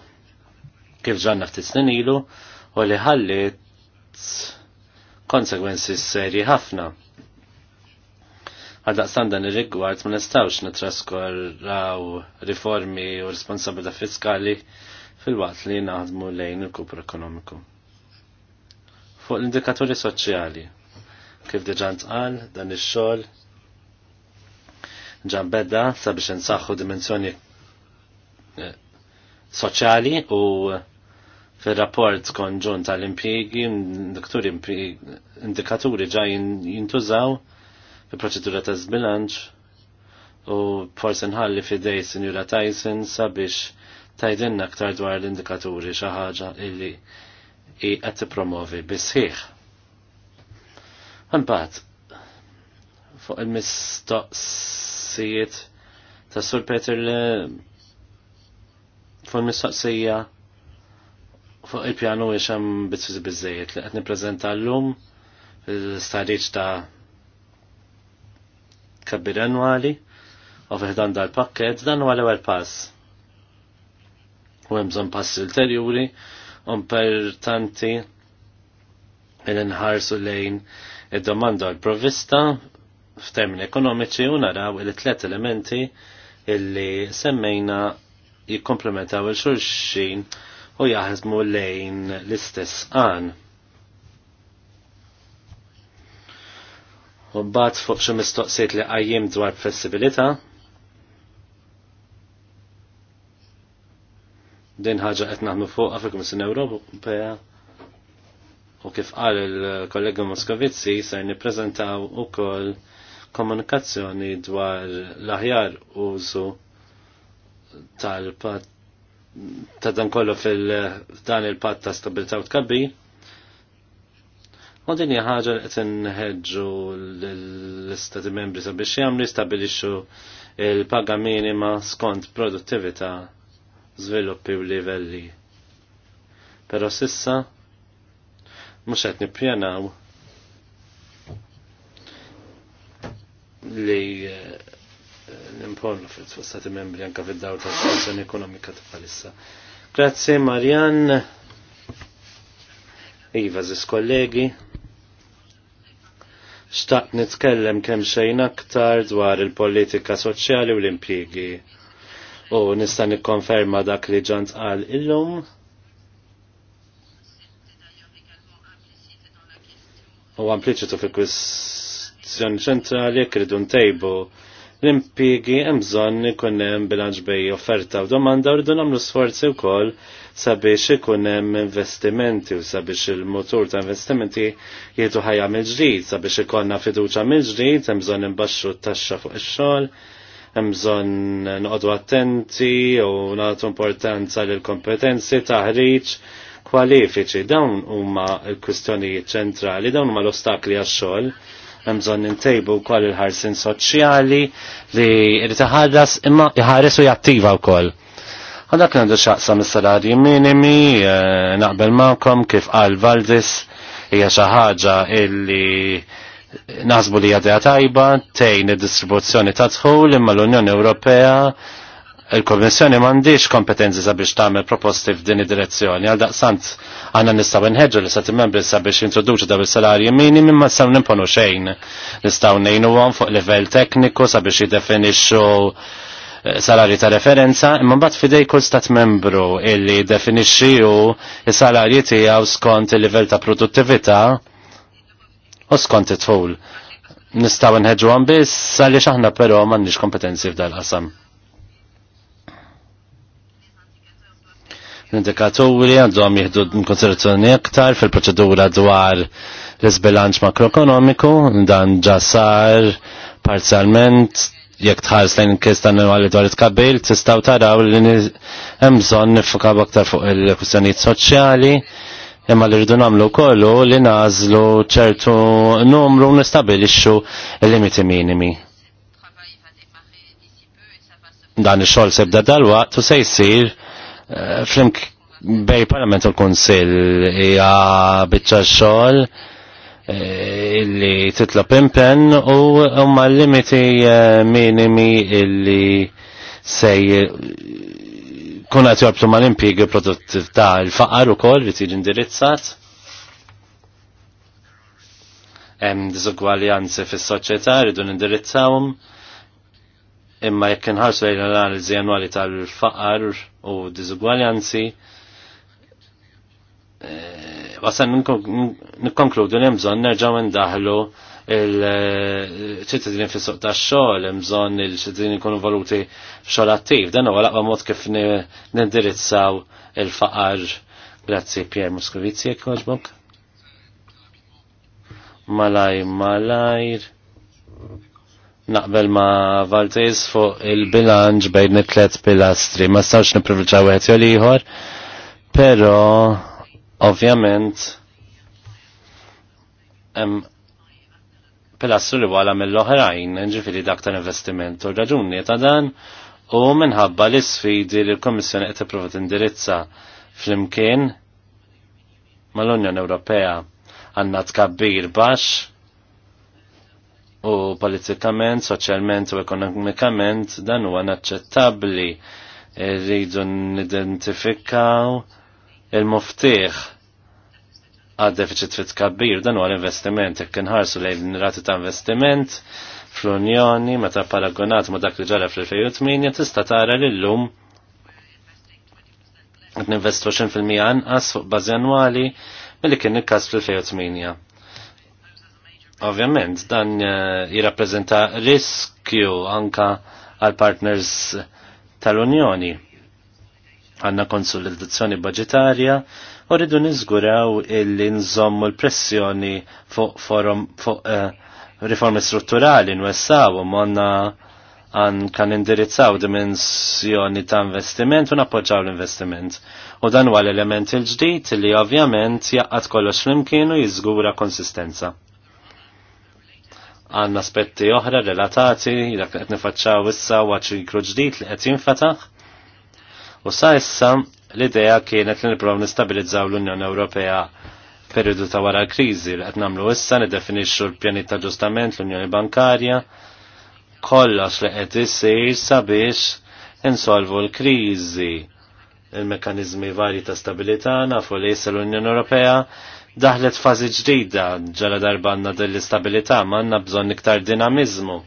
kif ġanna ftit snin ilu u li ħallit konsekwenzi serji ħafna. Għadaqstan dan ir-rigward ma nistawx nitraskorraw riformi u responsabilità fiskali fil-waqt li naħdmu lejn il-kupru ekonomiku. Fuq l-indikaturi soċjali. Kif diġan tqal dan ix-xogħol ġan bedda sabiex insaħħu dimensjoni eh, soċjali u fil-rapport konġunt tal-impjegi, indikaturi ġa jintużaw fil-proċedura ta' zbilanċ u forse nħalli fidej sinjura Tyson sabiex tajdinna aktar dwar l-indikaturi xi ħaġa illi qed tippromovi bisħiħ. Imbagħad fuq il-mistoqsijiet ta' Sur Peter li fuq il-mistoqsija fuq il-pjanu biex hemm bitfiż biżejjed li qed nippreżenta llum il-stariċ ta' kabbir annwali u fiħdan dal-pakket dan huwa l-ewwel pass. U hemm bżonn pass ulterjuri u pertanti il-inħarsu lejn id-domanda l-provvista f'termini ekonomiċi u naraw il-tlet elementi illi semmejna jikkomplementaw il-xurxin u jaħdmu lejn l-istess għan. U bat fuq xi mistoqsijiet li qajjim dwar flessibilità. Din ħaġa qed naħdmu fuqha fil sin Ewropea u kif qal il-kollega Moskovizzi ser nippreżentaw ukoll komunikazzjoni dwar l-aħjar użu tal-pat ta' dan kollu fil-dan il-pat ta' stabilta u tkabbi. U din ħaġa li qed inħeġġu l-istati membri sabiex jagħmlu jistabilixxu il-paga minima skont produttività, żviluppi u livelli. Però sissa mhux qed nippjanaw li eh, l-impollu fil-Stati membri anka fil-dawl ta' situazzjoni ekonomika ta' palissa. Grazie Marjan, Iva ziz kollegi, xtaqt nitkellem kemm xejn aktar dwar il-politika soċjali u l-impjegi. U nista' nikkonferma dak li ġant qal illum u ampliċitu fil-kwistjoni ċentrali jekk ntejbu l-impiegi hemm bżonn ikun hemm bilanċ bej offerta u domanda u rridu nagħmlu sforzi wkoll sabiex ikun hemm investimenti u sabiex il-motur ta' investimenti jietu ħajja mill ġrid sabiex ikollna fiduċa mill-ġdid, hemm bżonn imbaxxu t-taxxa fuq ix-xogħol, hemm bżonn noqogħdu attenti u nagħtu importanza l kompetenzi, taħriġ, kwalifiċi. Dawn huma l-kwistjonijiet ċentrali, dawn huma l-ostakli għax-xogħol hemm bżonn intejbu wkoll il-ħarsin soċjali li irid iħares imma iħares u jattiva wkoll. Għadak għandu xaqsa is-salarji minimi, eh, naqbel ma'kom kif qal Valdis hija xi ħaġa illi naħsbu li hija tajba tejn id-distribuzzjoni ta' dħul imma l-Unjoni Ewropea il-Kommissjoni m'għandix kompetenzi sabiex tagħmel proposti f'din id-direzzjoni għal daqsant għandna nistgħu nħeġġu li stati membri sabiex jintroduċu daw is-salarji minimi ma sew nimponu xejn. Nistgħu ngħinuhom fuq livell tekniku sabiex jiddefinixxu eh, salarji ta' referenza, imma mbagħad fidej kull stat membru illi definixxi hu s-salarji tiegħu skont il-livell ta' produttività u skont it-tħul. Nistgħu nħeġġu għan biss għaliex aħna però m'għandniex kompetenzi f'dal qasam. indikaturi għandhom jihdu konsiderazzjoni iktar fil-proċedura dwar l-isbilanċ makroekonomiku, dan ġasar parzialment jekk tħares lejn kista annwali dwar it kabil tistgħu taraw li hemm bżonn nifokaw aktar fuq il-kwistjonijiet soċjali, imma li rridu nagħmlu kollu li nażlu ċertu numru nistabilixxu il-limiti minimi dan ix-xogħol sebda dalwaqt u se jsir flimk bej parlament u l-konsil hija biċċa xogħol eh, illi titlob impenn u huma limiti eh, minimi illi sej kun għat jorbtu ma l-impiegi produttività il-faqar u kol li tiġi indirizzat. Hemm diżugwaljanzi fis-soċjetà rridu nindirizzawhom imma jekk inħarsu lejn l-analiżi annwali tal-faqar u diżugwaljanzi, eh, wasan nikkonkludu li hemm bżonn nerġgħu ndaħlu il-ċittadini fi suq tax xogħol hemm bżonn il-ċittadini jkunu valuti xogħol attiv. Dan huwa laqwa mod kif nindirizzaw il-faqar. Grazzi Pier Muskovizzi, jekk Malaj, malajr naqbel ma' Valtis fuq il-bilanġ bejn it-tlet pilastri. Ma stawx niprivileġaw wieħed jew ieħor, però ovvjament hemm pilastru li wara mill-oħrajn, ġifieri dak ta' investiment u raġuni ta' dan u minħabba l sfidi li l-Kommissjoni qed tipprova tindirizza flimkien mal-Unjoni Ewropea għandna tkabbir baxx u politikament, soċjalment u ekonomikament dan huwa naċċettabbli rridu nidentifikaw il-muftiħ għad deficit fit kabbir dan huwa l-investiment jekk inħarsu lejn rati ta' investiment fl-Unjoni meta paragonat ma' dak li ġara fl-2008 tista' tara li llum qed ninvestu 20% anqas fuq bażi annwali milli kien il-każ fl-2008 Ovvjament, dan eh, jirrappreżenta riskju anka għal partners tal-Unjoni. Għanna konsolidazzjoni budgetarja u rridu niżguraw illi nżommu l-pressjoni fuq forum fuq uh, riformi strutturali nwessaw u monna għan kan indirizzaw dimensjoni ta' investiment u nappoġġaw l-investiment. U dan huwa l-element il-ġdid li ovvjament jaqqat kollox flimkien u jiżgura konsistenza għanna aspetti oħra relatati dak qed nifaċċaw issa huwa ċiklu ġdijt li qed jinfetaħ. U sa issa l-idea kienet li nipprov nistabilizzaw l-Unjoni Ewropea periodu ta' wara l-kriżi li qed nagħmlu issa nidefinixxu l-pjani ta' ġustament l-Unjoni Bankarja kollox li qed isir sabiex insolvu l-kriżi il-mekanizmi varji ta' stabilità nafu li l-Unjoni Ewropea daħlet fażi ġdida ġala darba għanna din l-istabilità bżon bżonn iktar dinamizmu.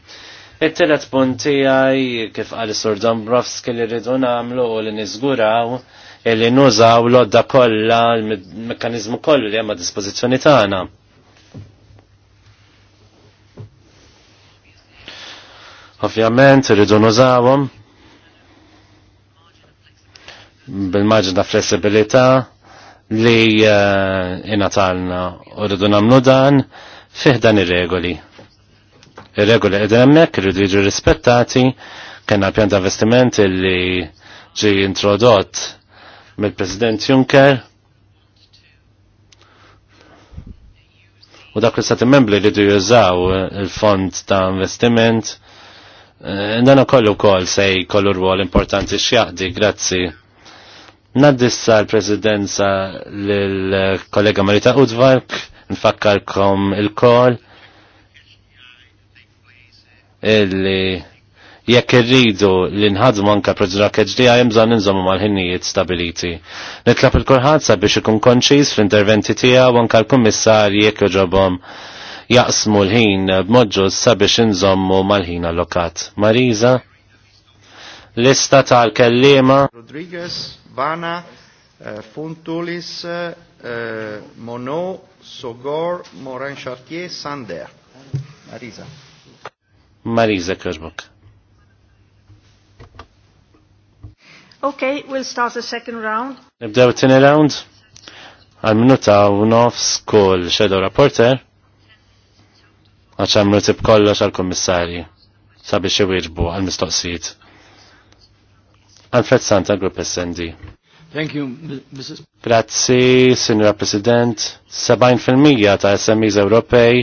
It-telet punt tiegħi kif qal Sur Dombrovski li rridu nagħmlu u li niżguraw li nużaw l-odda kollha l-mekkaniżmu kollu li hemm dispożizzjoni tagħna. Ovvjament irridu nużawhom bil-maġna flessibilità li eh, inatalna u rridu namlu dan fih dan ir-regoli. Ir-regoli id hemmhekk irridu jiġu rispettati kena pjan ta' investiment li ġi introdott mill-President Juncker u dak li stati membri li du jużaw il-fond ta' investiment eh, dan kollu kol se kollu rwol importanti xjaqdi, grazzi. Naddissa l-presidenza l-kollega Marita Udvark, nfakkarkom il-kol, illi jekk irridu li nħadmu anka proċedura għajem zan ninżommu mal-ħinijiet stabiliti. Nitlap il-kurħad sabiex ikun konċis fl-interventi tiegħu anka l-kummissar jekk joġobhom jaqsmu l-ħin b'mod sabiex nżommu mal-ħin allokat. Mariza, lista tal-kellima. Rodriguez, Vana, eh, Funtulis, eh, eh, Monod, Sogor, Morin Chartier, Sander. Marisa. Marisa Kirschbock. Okay, we'll start the second round. Nibdew it tini round. Għal minuta u nofs kull shadow rapporter. Għax għamlu tib kollox għal-kommissarji sabiex iwieġbu għal-mistoqsijiet. Alfred Santa, Grupp SND. Thank you, Mrs. Grazzi, Signora President. 70% ta' SMEs Ewropej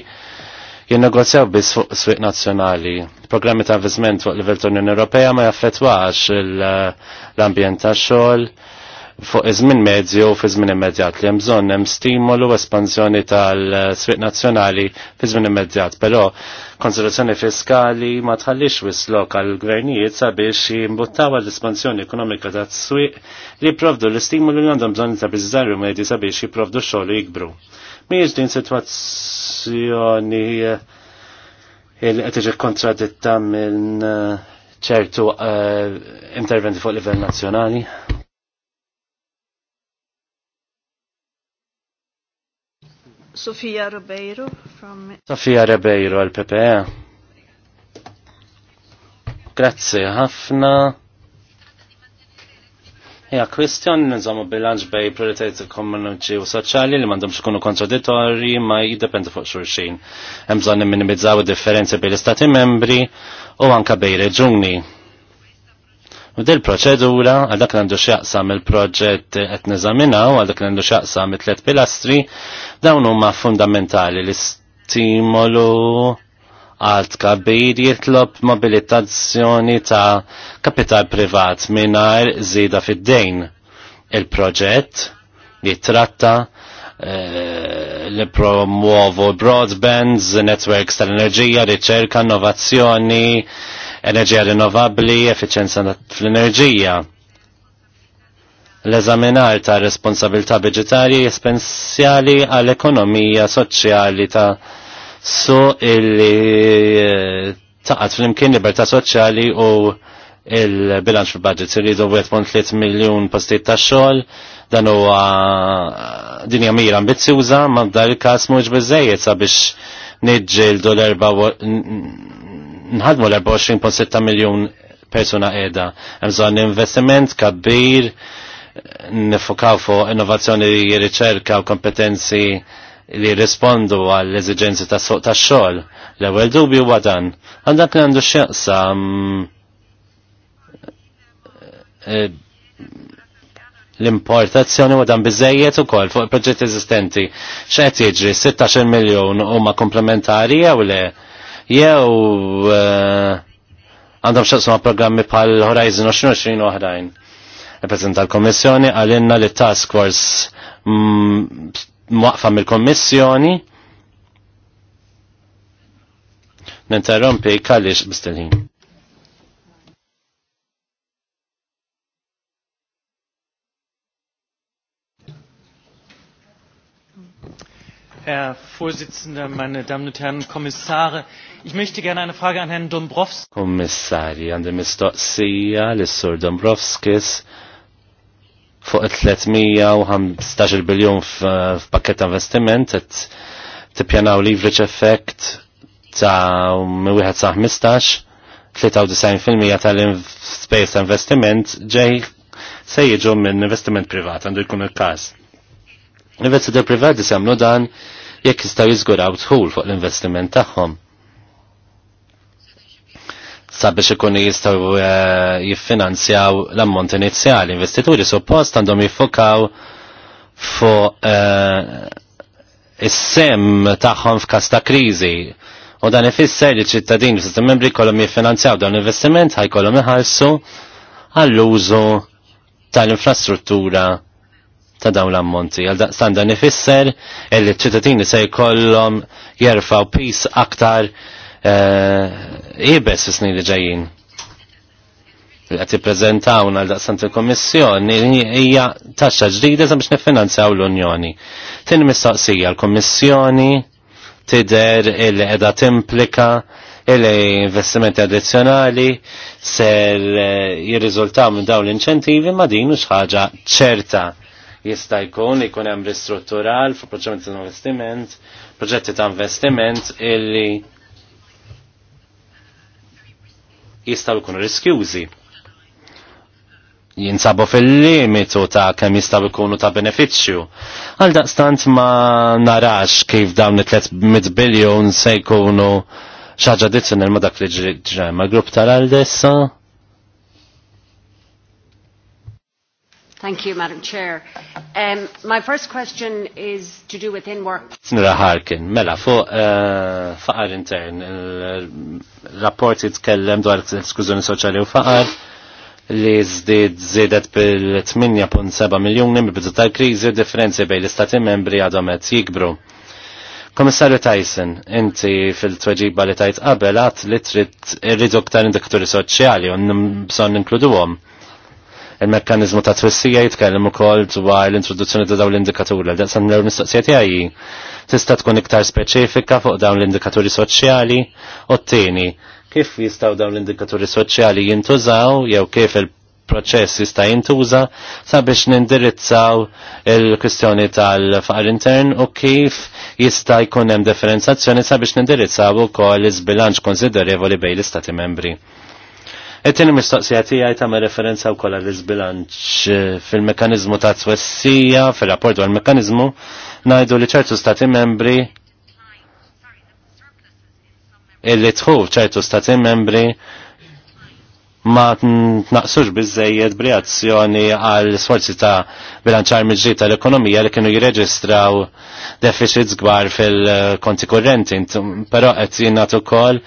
jinnegozjaw biss fuq swiq nazzjonali. Programmi ta' investiment fuq l tal Ewropeja ma jaffettwax eh, l-ambjent tax xogħol fuq iż-żmien mezzi u fi żmien immedjat li hemm bżonn hemm stimolu espansjoni tal-swieq nazzjonali fi żmien immedjat, però konservazzjoni fiskali ma tħallix wislok għal gvernijiet sabiex jimbuttaw għall espansjoni ekonomika tas-swieq li jipprovdu l-istimolu li għandhom bżonn ta' biżżar medji sabiex jipprovdu xogħol jikbru. Mhijiex din sitwazzjoni eh, li qed tiġi kontraditta minn eh, ċertu uh, interventi fuq livell nazzjonali? Sofia Ribeiro from... Sofia Ribeiro al PPE. Grazie, Hafna. Ja, kwestjon nżommu bilanċ bej il ekonomiċi u soċali li mandom xikunu kontradittorji ma jiddependu fuq xurxin. Hemm bżonn nimminimizzaw differenzi bej l-istati membri u anka bej reġuni U del proċedura għal dak għandu xaqsam il-proġett qed neżaminaw, għadak nandu għandu xaqsam it-tlet pilastri, dawn huma fundamentali li stimolu għal tkabbir jitlob mobilitazzjoni ta' kapital privat mingħajr żieda fid-dejn. Il-proġett li tratta eh, li promuovu broadbands, networks tal-enerġija, riċerka, innovazzjoni, enerġija rinnovabbli, effiċenza fl-enerġija. L-eżaminar ta' responsabilità vegetarji espensjali għall-ekonomija soċjali ta' su illi eh, taqat fl-imkien libertà soċjali u il-bilanċ fil-budget irridu 1.3 miljon postiet ta' xogħol dan huwa din hija mira ambizzjuża ma dar il-każ mhux biżejjed sabiex niġġieldu l-erba' nħadmu l-24.6 miljon persuna edha. Mżon investiment kabbir, nifukaw fuq innovazzjoni, riċerka u kompetenzi li rispondu għall eżigenzi ta' suq ta' xogħol. L-ewwel dubju huwa dan. Għandak li għandu x'jaqsa e, l-importazzjoni u dan biżejjed ukoll fuq il-proġetti eżistenti. X'qed jiġri 16 miljun huma komplementari jew le? jew eh, għandhom xaqsma programmi pal Horizon 2020 oħrajn. Reprezenta l-Kommissjoni għalinna li task force mm, mwaqfa mill-Kommissjoni Ninterrompi kallix bistilħin. Herr Vorsitzender, meine Damen und Herren Kommissare, Ich möchte gerne eine Frage an Herrn Dombrovskis. Kommissari, għandi mistoqsija l-Sur Dombrovskis fuq 315 biljon f'pakket investiment qed tippjanaw leverage effect ta' wieħed sa' 15 93% tal-space investiment ġej se jiġu minn investiment privat għandu jkun il-każ. Investitur privat jisemlu dan jekk jistgħu jiżguraw dħul fuq l-investiment tagħhom sabiex ikunu jistgħu eh, jiffinanzjaw l-ammont inizjali. Investituri suppost għandhom jiffokaw fuq eh, is-sem tagħhom f'każ ta' kriżi. U dan ifisser li ċittadini sistem membri kollhom jiffinanzjaw dan l-investiment ħajkollhom iħallsu għall-użu tal-infrastruttura ta' dawn l-ammonti. Għal dan ifisser illi ċittadini se jkollhom jerfaw pis aktar jibes eh, s-snin li ġajin Għati prezentawna l-daqsant il komissjoni hija taxxa ġdida sabiex nifinanzjaw l-Unjoni. Tin mistoqsija l-Kommissjoni tider il qiegħda timplika il-investimenti addizzjonali ser eh, jirriżultaw minn dawn l-inċentivi ma din mhux ħaġa ċerta jista' jkun ikun hemm ristruttural fuq proġetti ta' investiment, proġetti ta' investiment illi jistaw ikun riskjużi. Jinsabu fil-limitu ta' kemm jistaw ikunu ta' beneficju. Għal daqstant ma narax kif dawn it-300 biljon se jkunu xaġa dizzin il-madak li ġrema. Grupp tal-għaldessa? Thank you, Madam Chair. Um, my first question is to do with in-work. Snira Harkin, mela, fuq eh, faqar intern, il-rapport jitkellem dwar l-skużjoni soċjali u faqar li zdid zidet bil-8.7 miljoni mibidu tal-krizi u differenzi bej l-istati membri għadhom qed jikbru. Komissarju Tyson, inti fil-tweġiba li tajt qabel għat li trid irridu ktar indikatori soċjali u n bżonn inkluduhom Il-mekkanizmu ta' twissija jitkellem ukoll dwar l-introduzzjoni ta' dawn l-indikaturi. Dan san l mistoqsija tiegħi tista' tkun iktar speċifika fuq dawn l-indikaturi soċjali u t-tieni kif jistgħu dawn l-indikaturi soċjali jintużaw jew kif il-proċess jista' jintuża sabiex nindirizzaw il-kwistjoni tal-faqar intern u kif jista' jkun hemm differenzazzjoni sabiex nindirizzaw ukoll iż-bilanċ konsiderevoli bejn l-istati membri. Et-tini mistoqsija tiegħi tagħmel referenza wkoll għall-iżbilanċ eh, fil-mekkaniżmu ta' twessija, fir-rapport għal mekkaniżmu ngħidu li ċertu stati membri illi tħu ċertu stati membri ma t-naqsux biżejjed b'reazzjoni għal sforzi ta' bilanċar miġri tal-ekonomija li kienu jirreġistraw deficits gbar fil-konti kurrenti, pero qed jinnat ukoll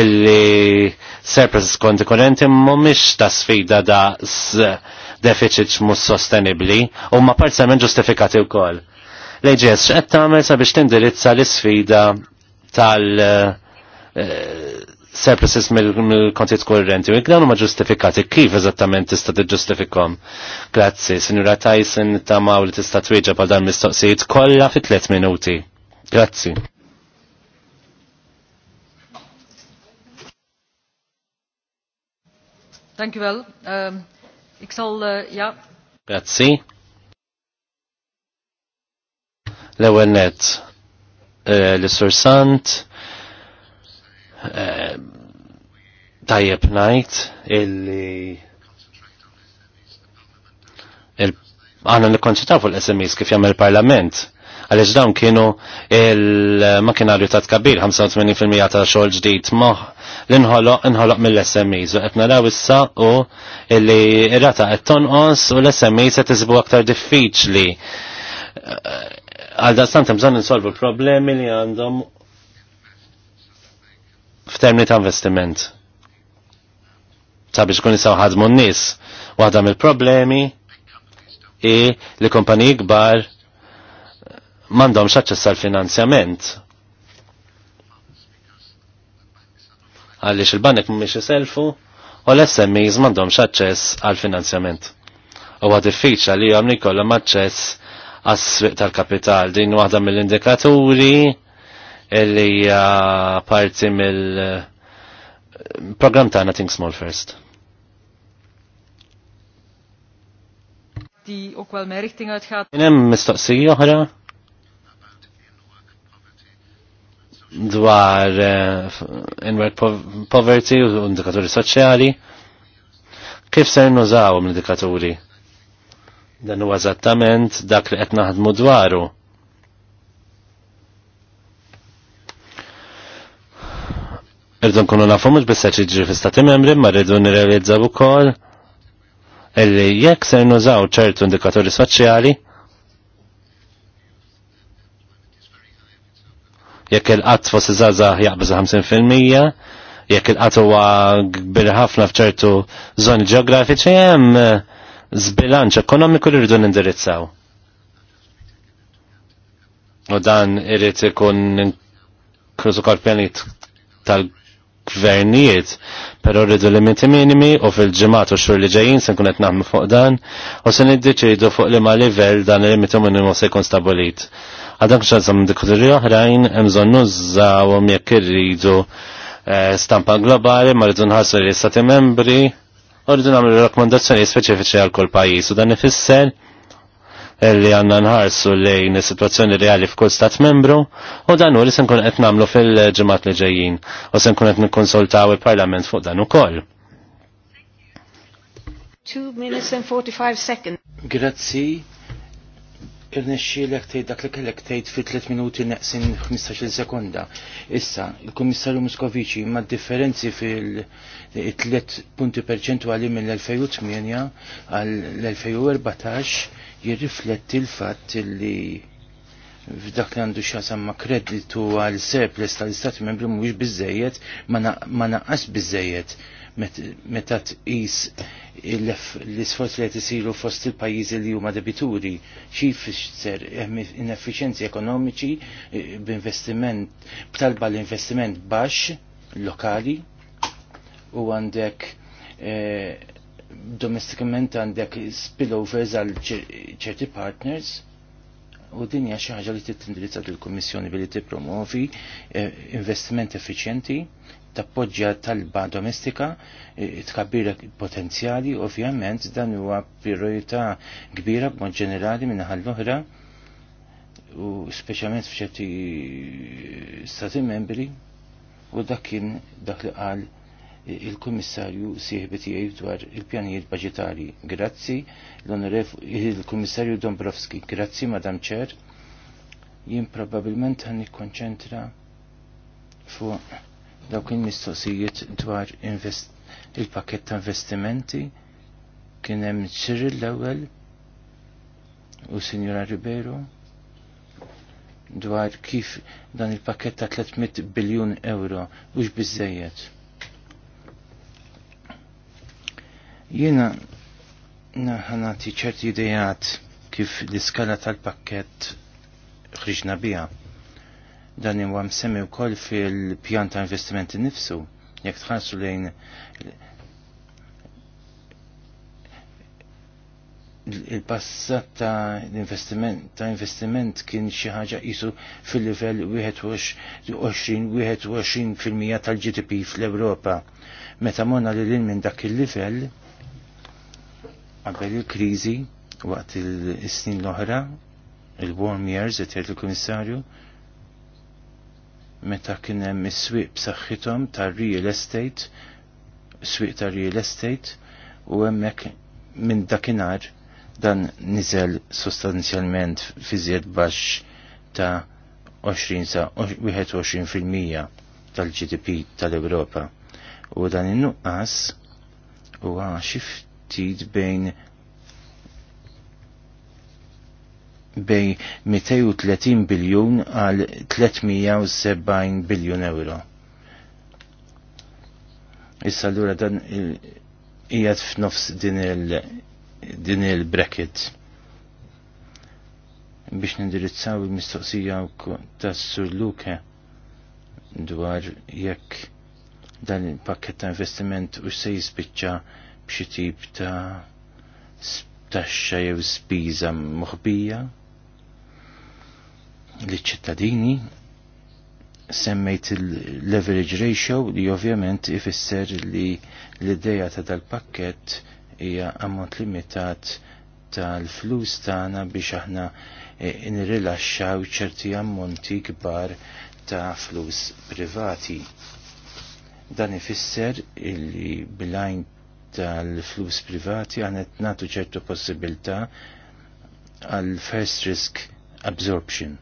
illi surplus konti kurrenti mhumiex ta' sfida da' deficits mhux sostenibbli u ma parzjalment ġustifikati wkoll. L-AGS x'qed tagħmel sabiex tindirizza l-isfida tal- uh, surpluses mill-kontijiet kurrenti u dawn huma ġustifikati kif eżattament tista' tiġġustifikhom. Grazzi, Sinjura Tyson tamaw li tista' twieġa bħal dan mistoqsijiet kollha fi tliet minuti. Grazzi. Thank you well. Um, uh, ik zal, uh, ja. Grazie. l net, uh, eh, l-sursant, eh, tajjeb ngħid illi għanna nikkonċitaw fuq l sms kif jagħmel il-Parlament. Għaliex dawn kienu il-makinarju ta' tkabir 85% ta' xogħol ġdid moħ l-inħoloq inħoloq inħoloq mill sms u qed naraw issa u illi rata qed tonqos u l sms qed isibu aktar diffiċli. Għal dastant hemm bżonn insolvu l-problemi li għandhom f'termini ta' investiment sabiex kun jisaw ħadmu n-nis. Waħda mill-problemi i li kompaniji kbar mandom xaċċess għal-finanzjament. Għalix il-banek mumiex jiselfu u l-SMEs mandom xaċċess għal-finanzjament. U għad diffiċa li għamni kollha maċċess għas-sviq tal-kapital. Din waħda mill-indikaturi li parti mill- program tagħna Think Small First. die ook wel mijn richting uitgaat. En hem mistoqsija oħra dwar eh, in-work poverty u indikaturi soċjali. Kif ser nużaw l-indikaturi? Dan huwa eżattament dak li qed naħdmu dwaru. Irdu nkunu nafu mhux biss qed jiġri fi stati membri, ma rridu nirrealizzaw ukoll illi jekk ser nużaw ċertu indikaturi soċjali jekk il-qatt fost iżgħażagħ jaqbeż 50%, jekk il-qatt huwa kbir ħafna f'ċertu żoni ġeografiċi hemm eh, zbilanċ ekonomiku li rridu nindirizzaw. U dan irid ikun kruzu korpjanit tal gvernijiet, pero rridu limiti minimi u fil-ġemat u xur li ġejjin se nkun qed fuq dan u se niddeċidu fuq li ma livell dan il-limitu minimu se jkun stabilit. Għadan xan sam dikuturi oħrajn hemm bżonn nużawhom jekk irridu eh, stampa globali ma rridu nħassu li stati membri u rridu nagħmlu rakkomandazzjoni speċifiċi għal kull pajjiż u dan ifisser li għanna nħarsu lejn situazzjoni reali f'kull stat membru u dan u li se nkun qed nagħmlu fil-ġimgħat li ġejjin u se nkun qed nikkonsultaw il-Parlament fuq dan ukoll. 2 minutes and 45 seconds. Grazzi. Irnexxielek tgħid dak li kellek tgħid fi 3 minuti neqsin 15-il sekonda. Issa, il-Kummissarju Muskovici ma' differenzi fil-3 punti perċentwali mill-2008 għal l-2014 jirrifletti l-fatt li f'dak li għandu x'asamma kreditu għal surplus tal-istati membri mhuwiex bizzejiet, ma naqqas bizzejiet meta tqis l-isforz li qed isiru fost il-pajjiżi li huma debituri xi jfisser ehm-, ineffiċenzi ekonomiċi eh, b'investiment b'talba l-investiment baxx lokali u għandek eh, domestikament għandek spillovers għal ċerti partners u dinja hija xi ħaġa li tittindirizza lill-Kummissjoni billi tippromovi eh, investiment effiċjenti tappoġġja talba domestika eh, tkabbira potenzjali ovvjament dan huwa priorità kbira b'mod ġenerali minn l-oħra u speċjalment f'ċerti eh, stati membri u dak kien dak li qal il-Kummissarju sieħbet jgħid dwar il-pjanijiet budgetari. Grazzi il-Kummissarju Dombrovski. Grazzi Madam Chair. Jien probabbilment għan nikkonċentra fuq dawk il-mistoqsijiet dwar il-pakket ta' investimenti kien hemm Cyril l-ewwel u Sinjura Ribeiro dwar kif dan il-pakket ta' 300 biljun euro mhux biżejjed Jena naħanati ċerti idejat kif l-iskala tal-pakket ħriġna bija. Dan huwa msemmi wkoll fil-pjan ta' investimenti nifsu. Jekk tħarsu lejn il-passat ta' investiment ta' investiment kien xi ħaġa qisu fil-livell 21-21% tal-GDP fl-Ewropa. Meta monna li lil minn dak il-livell, Qabel il-kriżi waqt il-snin l-oħra, il-warm years, qed il-Kummissarju, meta kien hemm is-swieq b'saħħithom tar-real estate, swieq ta' real estate u hemmhekk minn dakinhar dan niżel sostanzjalment fi baċ baxx ta' 20 sa 21% tal-GDP tal-Ewropa. U dan in-nuqqas huwa xift ftit bejn bej 230 biljun għal 370 biljun euro. Issa allura dan qiegħed f'nofs din il din il-bracket biex nindirizzaw il-mistoqsija tas Sur Luke dwar jekk dan il-pakket ta' investiment u se jispiċċa b'xi tip ta' taxxa jew spiża moħbija li ċittadini semmejt il-leverage ratio li ovvjament ifisser li l-ideja ta' dal-pakket hija ammont limitat tal-flus tagħna biex aħna e, nirrilaxxaw ċerti ammonti kbar ta' flus privati. Dan ifisser li bilajn tal-flus privati għanet natu ċertu possibilità għal first risk absorption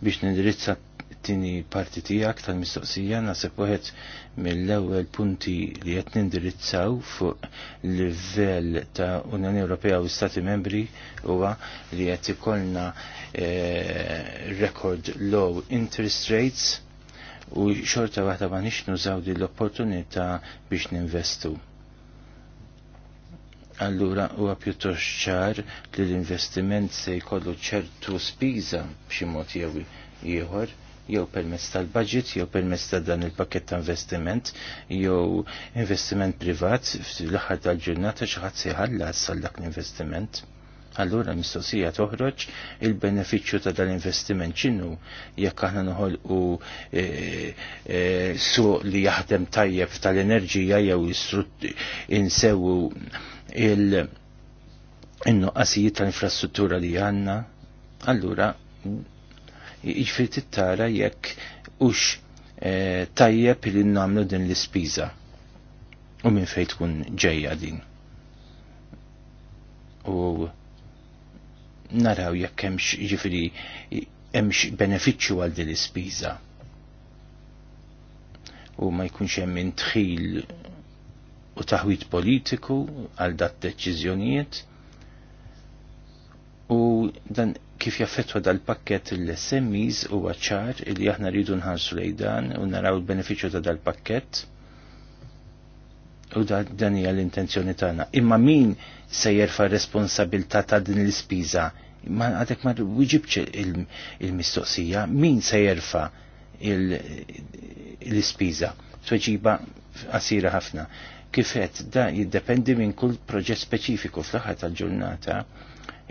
biex nindirizza t-tini parti tijak tal-mistoqsija nasib uħed mill-ewel punti li jett nindirizzaw fuq livell ta' Unjoni Ewropea u Stati Membri huwa li jett ikolna eh, record low interest rates u xorta waħda ma nix nużaw din l-opportunità biex ninvestu. Allura huwa pjuttost ċar li l-investiment se jkollu ċertu spiża b'xi mod jew ieħor jew permezz tal-budget, jew permezz ta' dan il-pakket ta' investiment, jew investiment privat, l aħħar tal-ġurnata xi ħadd se jħallas għal dak l-investiment. Allura mistoqsija toħroġ il-benefiċċju ta' dal-investiment ċinu jekk aħna noħolqu e, e, suq li jaħdem tajjeb tal-enerġija jew insewu il-nuqqasijiet tal-infrastruttura li għanna. Allura jiġifieri tittara jekk ux e, eh, tajjeb li nagħmlu din l-ispiża u minn fejn tkun ġejja din. U naraw jekk hemmx jiġifieri hemmx benefiċċju għal din l-ispiża. U ma jkunx hemm intħil u taħwit politiku għal dat deċiżjonijiet u dan kif jaffettwa dal-pakket l-SMEs u għacċar li aħna rridu nħarsu lejdan u naraw l beneficju ta' dal-pakket u da dan hija l-intenzjoni tagħna. Imma min se jerfa' responsabilta ta' din l-ispiża? Ma għadek ma wieġibx il-mistoqsija, min se jerfa' l-ispiża? Tweġiba għasira ħafna. Kifet da jiddependi minn kull proġett speċifiku fl-aħħar tal-ġurnata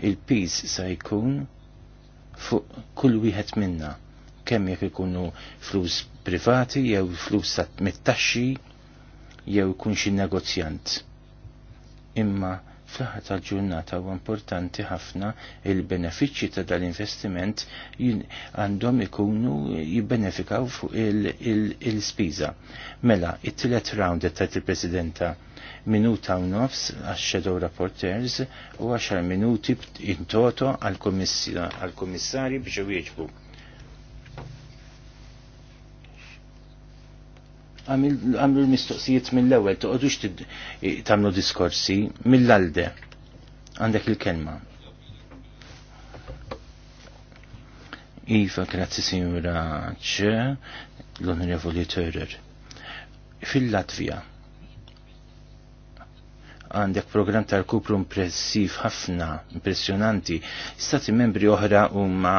il-piż se jkun fuq kull wieħed minna kemm jekk ikunu flus privati jew flus mit-taxxi jew ikun xi negozjant. Imma fl-aħħar tal-ġurnata huwa importanti ħafna il-benefiċċji ta' dal-investiment għandhom ikunu jibbenefikaw fuq il-spiża. Mela, it-tielet round tat il-Presidenta minuta u nofs għax shadow reporters u għaxar minuti in toto għal-komissari biex u għamlu l-mistoqsijiet mill-ewel, toqgħodux tagħmlu diskorsi mill-alde. Għandek il-kelma. Iva, grazzi signora ċe, l-onorevoli Törer. Fil-Latvija, għandek program ta' kupru impressiv ħafna, impressionanti. Stati membri oħra huma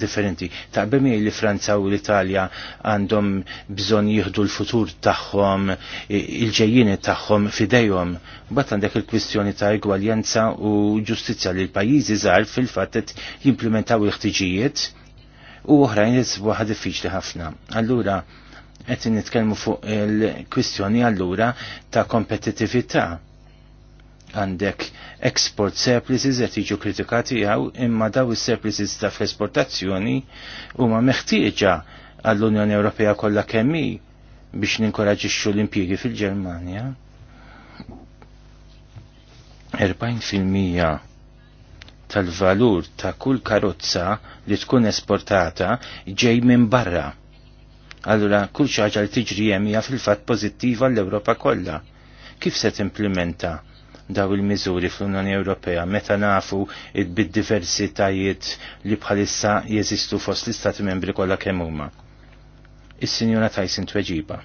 differenti. Ta' bemmi li Franza u l-Italja għandhom bżon jihdu l-futur tagħhom, il-ġejjini tagħhom fidejhom. Bat għandek il-kwistjoni ta' egwaljanza u ġustizja li l-pajjiżi żgħar fil-fatt jimplementaw il-ħtiġijiet u oħrajn ħad diffiċli ħafna. Allura, qed nitkellmu fuq il-kwistjoni allura ta' kompetittività għandek export surpluses qed iġu kritikati għaw imma daw is-surpluses ta' esportazzjoni huma meħtieġa għall-Unjoni Ewropea kollha kemm hi biex ninkoraġixxu l-impjiegi fil-Ġermanja. 40% tal-valur ta' kull karozza li tkun esportata ġej minn barra. Allura kull xaġa li tiġri hija fil-fatt pozittiva l-Ewropa kollha. Kif se timplementa? implementa daw il-miżuri fl-Unjoni Ewropea meta nafu bid-diversitajiet li bħalissa jeżistu fost l-Istati membri kollha kemm huma. Is-Sinjora Tyson tweġiba.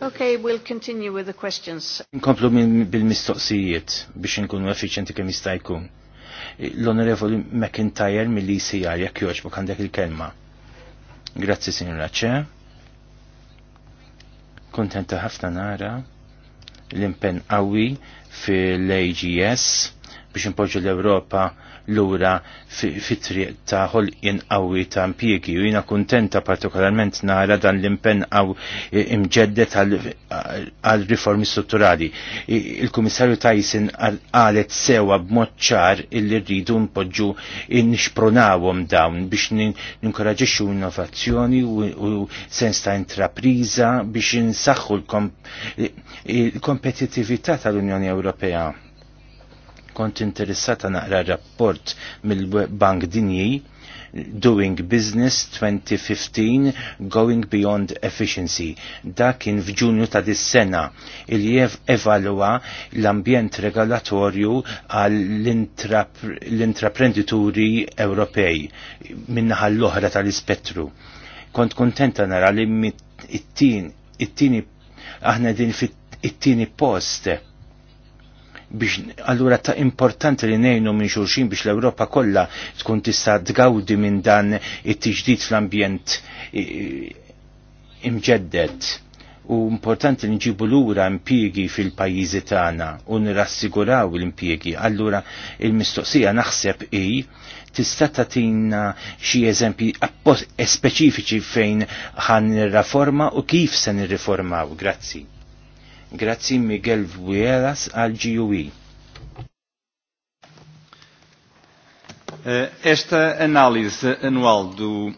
Okay, we'll continue with the questions. Inkomplu bil-mistoqsijiet biex nkunu effiċenti kemm jista' jkun. L-Onorevoli McIntyre mill-ECR jekk jogħġbok għandek il-kelma. Grazzi, Signora Ce. Kontenta ħafna nara l-impen qawwi fil-AGS biex impoġġu l-Ewropa l-ura triq ta' ħolqien qawwi ta' impjiegi u jiena kuntenta partikolarment nara dan l-impenn għaw e, imġeddet għal riformi strutturali. Il-Kummissarju Tyson qalet sewa b'mod ċar illi rridu npoġġu nixpronawhom dawn biex ninkoraġixxu innovazzjoni u sens ta' intrapriża biex insaħħu l-kompetitività tal-Unjoni Ewropea kont interessata naqra rapport mill-Bank Dinji Doing Business 2015 Going Beyond Efficiency. Da kien f'Ġunju ta' dis-sena il evalwa l-ambjent regolatorju għal l-intraprendituri Ewropej minnaħa l-oħra tal-ispettru. Kont kontenta nara li it-tini aħna din fit it-tini post biex allura ta' importanti li nejnu minn xulxin biex l-Ewropa kollha tkun tista' tgawdi minn dan it-tiġdid fl-ambjent imġeddet u importanti li nġibu lura impjiegi fil-pajjiżi tagħna u nirassiguraw l-impjiegi. Allura il-mistoqsija naħseb i tista' tagħtina xi eżempji e speċifiċi fejn ħan nirraforma u kif se nirriformaw. Grazzi. Grazzi Miguel Vuelas al GUI. E. Eh, esta análise anual do,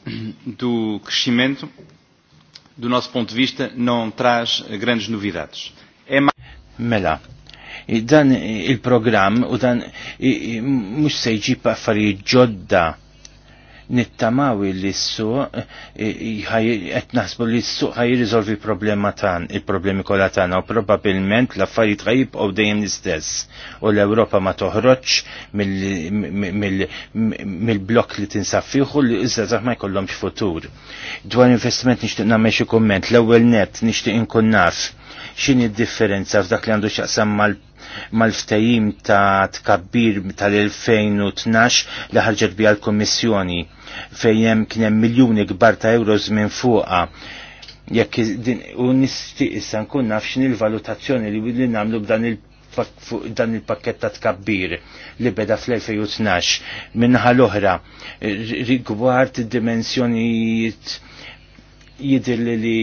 do crescimento, do nosso ponto de vista, não traz grandes novidades. É mais... Mela, dan il-programm u dan mux pa fari ġodda nittamaw li s-suq eh, eh, qed naħsbu li s-suq ħaj jirriżolvi problema tan, il-problemi kollha tagħna u probabbilment l-affarijiet ħajibqgħu dejjem l-istess u l-Ewropa ma toħroġ mill-blok li tinsab fieħu li iżda ma jkollhomx futur. Dwar investiment nixtieq nagħmel xi kumment, l-ewwel net nixtieq inkun naf x'inhi d-differenza f'dak li għandu x'aqsam mal mal-ftajim ta' tkabbir tal-2012 li ħarġet bija l-Kommissjoni fejjem kien hemm miljuni kbar ta' euros minn fuqha jekk u nistiq issa nkun naf il-valutazzjoni li li nagħmlu b'dan il dan il ta' tkabbir li beda fl-2012 minnaħa l-oħra rigward dimensjonijiet jidir li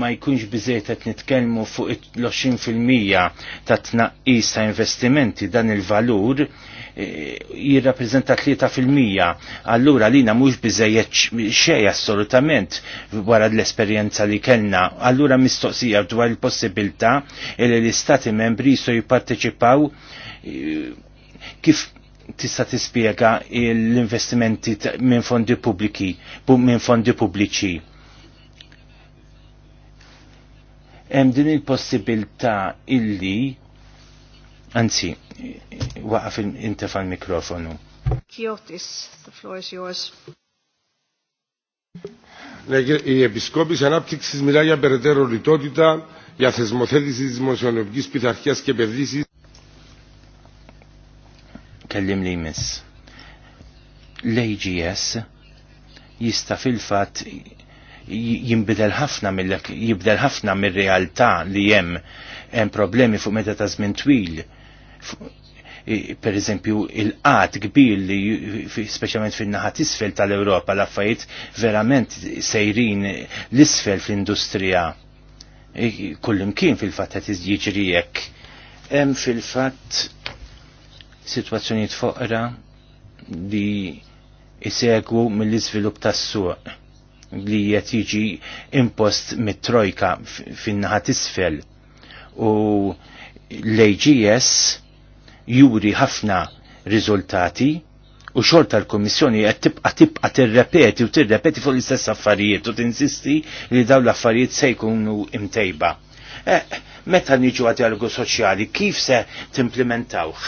ma jkunx bizzejt qed nitkellmu fuq l-20% ta' tnaqqis ta' investimenti dan il-valur Eh, jirrappreżenta 3%. Allura lina mhux biżejjed xejn assolutament wara l-esperjenza li kellna. Allura mistoqsija dwar il-possibilità li l-istati membri jistgħu jipparteċipaw eh, kif tista' tispjega l-investimenti minn fondi pubbliki, minn fondi pubbliċi. hemm din il-possibilità illi Anzi, waqaf inti fa' mikrofonu Kiotis, the floor is yours. Η Επισκόπηση Ανάπτυξη μιλά για περαιτέρω λιτότητα, για θεσμοθέτηση τη δημοσιονομική πειθαρχία και επενδύσει. Kellim li Λέει L-AGS jista fil-fat jimbidel ħafna mill-jibdel ħafna mill-realtà li jem hemm problemi fuq meta ta' żmien twil per eżempju il-qat kbir li speċjalment fin-naħa isfel tal-Ewropa l-affarijiet verament sejrin l-isfel fl-industrija kullimkien fil-fatt qed jiġri hekk. Hemm fil-fatt sitwazzjonijiet foqra li isegwu mill-iżvilupp tas-suq li qed jiġi impost mit-trojka fin-naħa isfel u l-AGS juri ħafna riżultati u xorta l-Komissjoni qed tibqa' tibqa' tirrepeti u tirrepeti fuq l-istess affarijiet u tinsisti li dawn l-affarijiet se jkunu imtejba. Eh, Meta niġu għad dialogu soċjali, kif se timplementawh?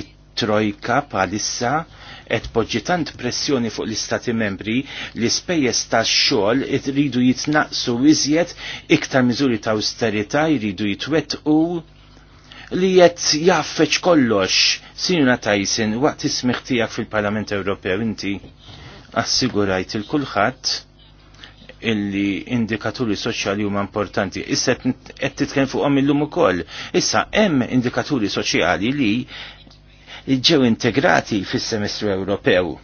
It-trojka palissa qed poġġi tant pressjoni fuq l-Istati membri li spejjeż tax-xogħol iridu jitnaqsu iżjed iktar miżuri ta' austerità jridu jitwettqu li jett jaffeċ kollox, Sinjuna Tyson, waqt ismiħ tijak fil-Parlament Ewropew inti assigurajt il-kulħadd illi indikaturi soċjali huma importanti. Issa qed titkellem fuqhom illum ukoll. Issa hemm indikaturi soċjali li ġew integrati fis-semestru Ewropew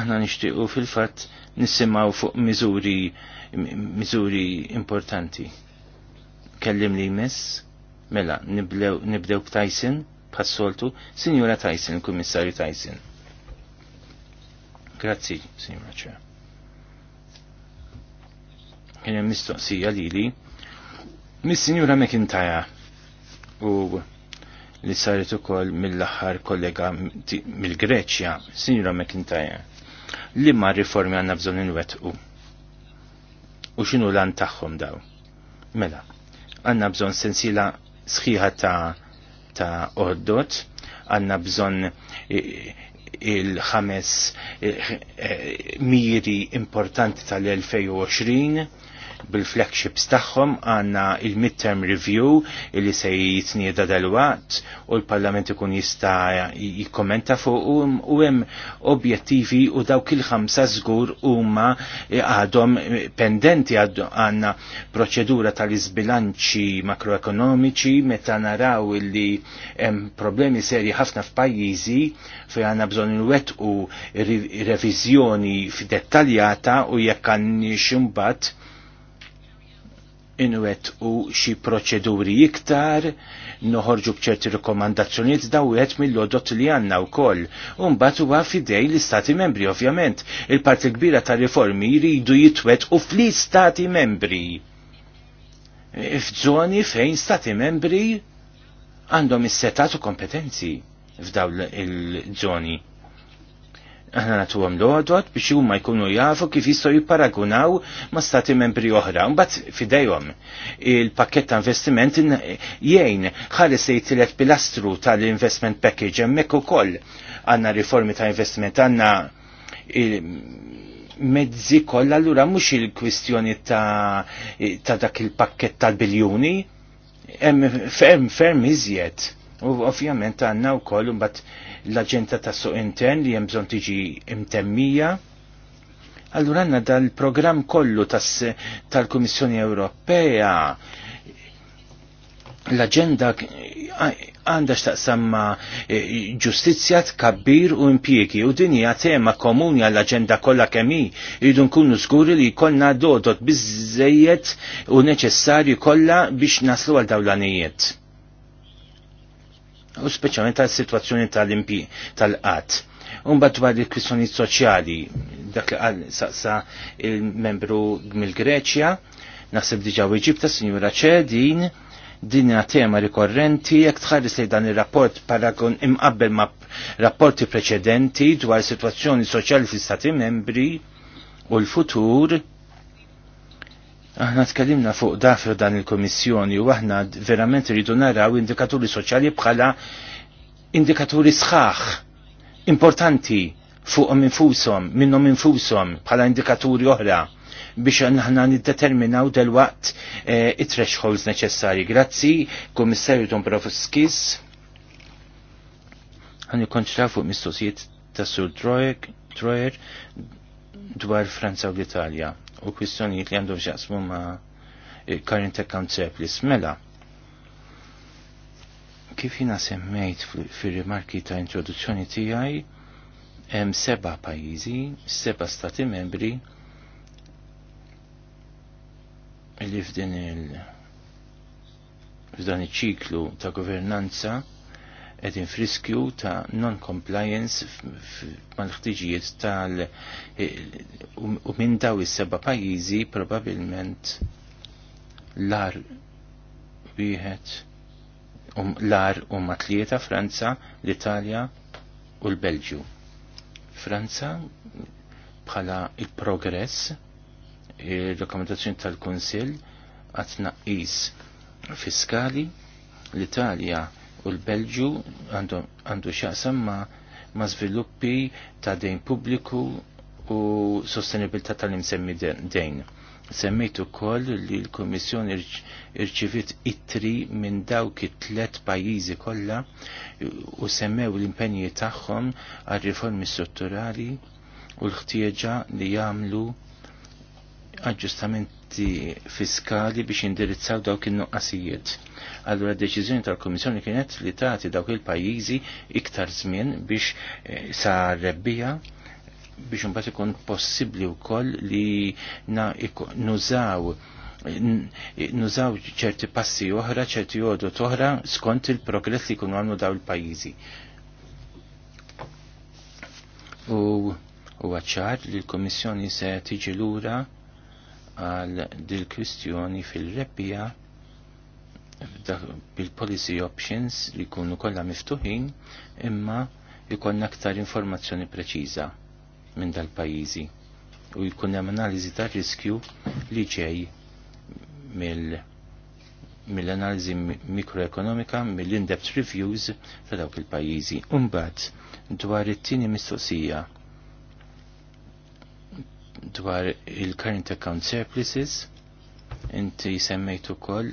aħna nixtiequ fil-fatt nissimaw fuq mizuri mizuri importanti. Kellim li jmiss, mela nibdew b'Tyson bħassoltu, Sinjura Tyson, Kummissarju Tyson. Grazzi, Sinjura Chair. Kien hemm mistoqsija lili mis-Sinjura McIntyre u li saret ukoll mill-aħħar kollega mill-Greċja, Sinjura McIntyre li ma riformi għanna bżon inwetqu. U xinu lan taħħom daw? Mela, għanna bżon sensila sħiħa ta' ta' oddot, għanna bżon il-ħames miri importanti tal-2020, bil-flagships tagħhom għandna il-midterm review li se jitnieda dal-waqt u l-Parlament ikun jista' jikkommenta fuq u hemm objettivi u dawk il-ħamsa żgur huma għadhom pendenti għandna proċedura tal-iżbilanċi makroekonomiċi meta naraw li hemm problemi serji ħafna f'pajjiżi fejn għandna bżonn inwettqu reviżjoni f'dettaljata u jekk għandniex imbagħad inwet u xi proċeduri iktar, noħorġu bċerti rekomandazzjoniet daw wieħed mill-lodot li għandna wkoll. U mbagħad huwa fidej l-istati membri ovvjament. Il-parti kbira ta' riformi jridu jitwet u fl-istati membri. F'żoni fejn stati membri għandhom is-setat u kompetenzi f'dawn il-żoni aħna natu għam l-għodot biex huma jkunu jafu kif jistgħu jipparagunaw ma' stati membri oħra. Mbagħad fidejhom il-pakket ta' investiment jgħin ħares se jtilet pilastru tal-investment package hemmhekk ukoll għandna riformi ta' investiment għandna mezzi kollha allura mhux il-kwistjoni ta', ta dak il-pakket tal-biljuni hemm ferm ferm iżjed. U ovvjament għandna wkoll mbatt l-aġenda ta' suq intern li hemm bżonn tiġi imtemmija. Allura għandna dal-programm kollu tal-Kummissjoni Ewropea l-aġenda għandha x'taqsam ma' e, ġustizzja tkabbir u impjiegi u din hija tema komuni għall-aġenda kollha kemm hi jridu nkunu żguri li jkollna dodot biżejjed u neċessarju kollha biex naslu għal dawlanijiet u speċjalment tal-situazzjoni tal-impi tal-qatt. Umbat dwar il-kwistjoni soċjali, dak li qal saqsa il-membru mill-Greċja, naħseb diġa u Eġipta, Sinjura Ċedin, din tema rikorrenti jekk tħares li dan ir-rapport paragon imqabbel ma' rapporti preċedenti dwar situazzjoni soċjali fl-Stati membri u l-futur Aħna tkellimna fuq dafru dan il-Komissjoni u aħna verament rridu naraw indikaturi soċjali bħala indikaturi sħaħ importanti fuqhom infushom, minnhom infushom bħala indikaturi oħra biex naħna niddeterminaw del-waqt e, it-thresholds neċessari. Grazzi, Komissarju Tom Profuskis. Għan ikonċra fuq mistoqsijiet ta' Sur Troyer dwar Franza u l-Italja u kwistjonijiet li għandu xjaqsmu ma' current account surplus. Mela, kif jina semmejt fil-rimarki ta' introduzzjoni tijaj, hemm seba pajizi, seba stati membri li f'din il f'dan iċ-ċiklu ta' governanza edin friskju ta' non-compliance mal-ħtiġijiet tal- eh, u minn daw is-seba' pajjiżi probabilment lar wieħed um, lar huma tlieta Franza, l-Italja u l-Belġju. Franza bħala il-progress, il-rekomendazzjoni tal-Kunsill għat naqis fiskali, l-Italja u l-Belġu għandu xaqsam ma, ma sviluppi ta' dejn pubbliku u sostenibilità tal-imsemmi dejn. Semmejt koll li l-Komissjoni irċivit ittri minn dawk it-tlet pajjiżi kollha u semmew l-impenji tagħhom għal riformi strutturali u l-ħtieġa li jagħmlu aġġustament strumenti fiskali biex indirizzaw dawk il-nuqqasijiet. Allura deċiżjoni tal-Komissjoni kienet li tagħti dawk il-pajjiżi iktar żmien biex eh, sa rebbija biex imbagħad ikun possibbli wkoll li nużaw nużaw ċerti passi oħra, ċerti għodu oħra skont il-progress li kunu għamlu daw il-pajizi. U għacċar li l-Komissjoni se tiġi lura ura għal dil kwistjoni fil-rebbija bil-policy options li kunu kollha miftuħin imma jkollna aktar informazzjoni preċiża minn dal-pajjiżi u jkun hemm analiżi tar-riskju li ġej mill-analiżi mikroekonomika mill-in-depth reviews ta' dawk il-pajjiżi. Imbagħad dwar it-tieni mistoqsija dwar il-current account surpluses inti semmejtu ukoll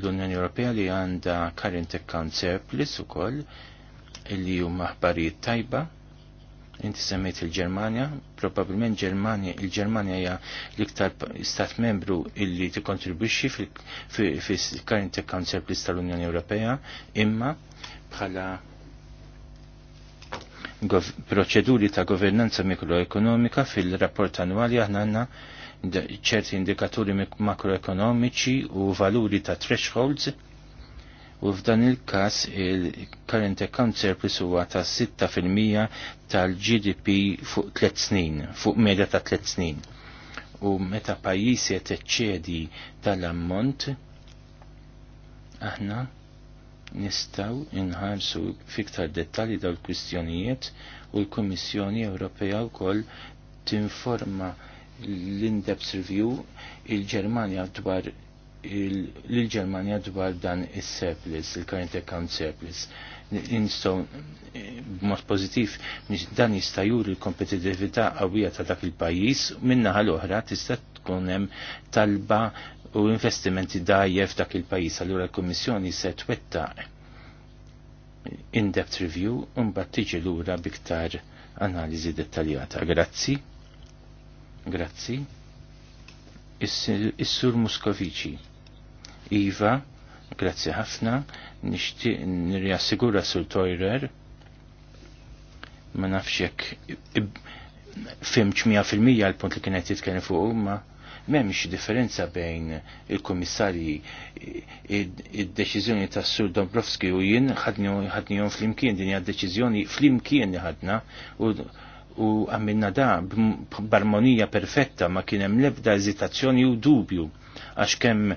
l-Unjoni Ewropea li għandha current account surplus ukoll illi huma ħbarijiet tajba inti semmejt il-Ġermanja, probabbilment Ġermanja, il-Ġermanja hija l-iktar stat membru illi tikkontribwixxi fil-current account surplus tal-Unjoni Ewropea, imma bħala proċeduri ta' governanza mikroekonomika fil-rapport annwali aħna ċerti indikaturi makroekonomiċi u valuri ta' thresholds u f'dan il-kas il-current account surplus huwa ta' 6% tal-GDP fuq 3 snin, fuq medja ta' 3 snin. U meta pajjiż qed eċċedi tal-ammont aħna nistaw inħarsu fiktar dettali dal kwistjonijiet u l-Kommissjoni Ewropea wkoll tinforma l-Indeps Review il-Ġermanja dwar l-Ġermanja dwar dan is seplis il-current account surplus. Instow, mod pozitif, dan jista' juri l-kompetitività qawwija ta' dak il-pajjiż minna l-oħra tista' tkun hemm talba u investimenti dajjef dak il-pajis allura l-Kommissjoni se twettaq in-depth review mbagħad tiġi lura biktar analiżi dettaljata. Grazzi. Grazzi. Is-Sur Muskovici. Iva, grazzi ħafna, nixtieq nirjassigura sur Toirer ma nafx jekk fimx 100% l-punt li kienet jitkeni fuq ma M'hemmx differenza bejn il-kummissarji id-deċiżjoni tas Sur Dombrovski u jien fl flimkien din hija deċiżjoni flimkien imkien ħadna u u għamilna da b'armonija perfetta ma kien hemm lebda eżitazzjoni u dubju għax kemm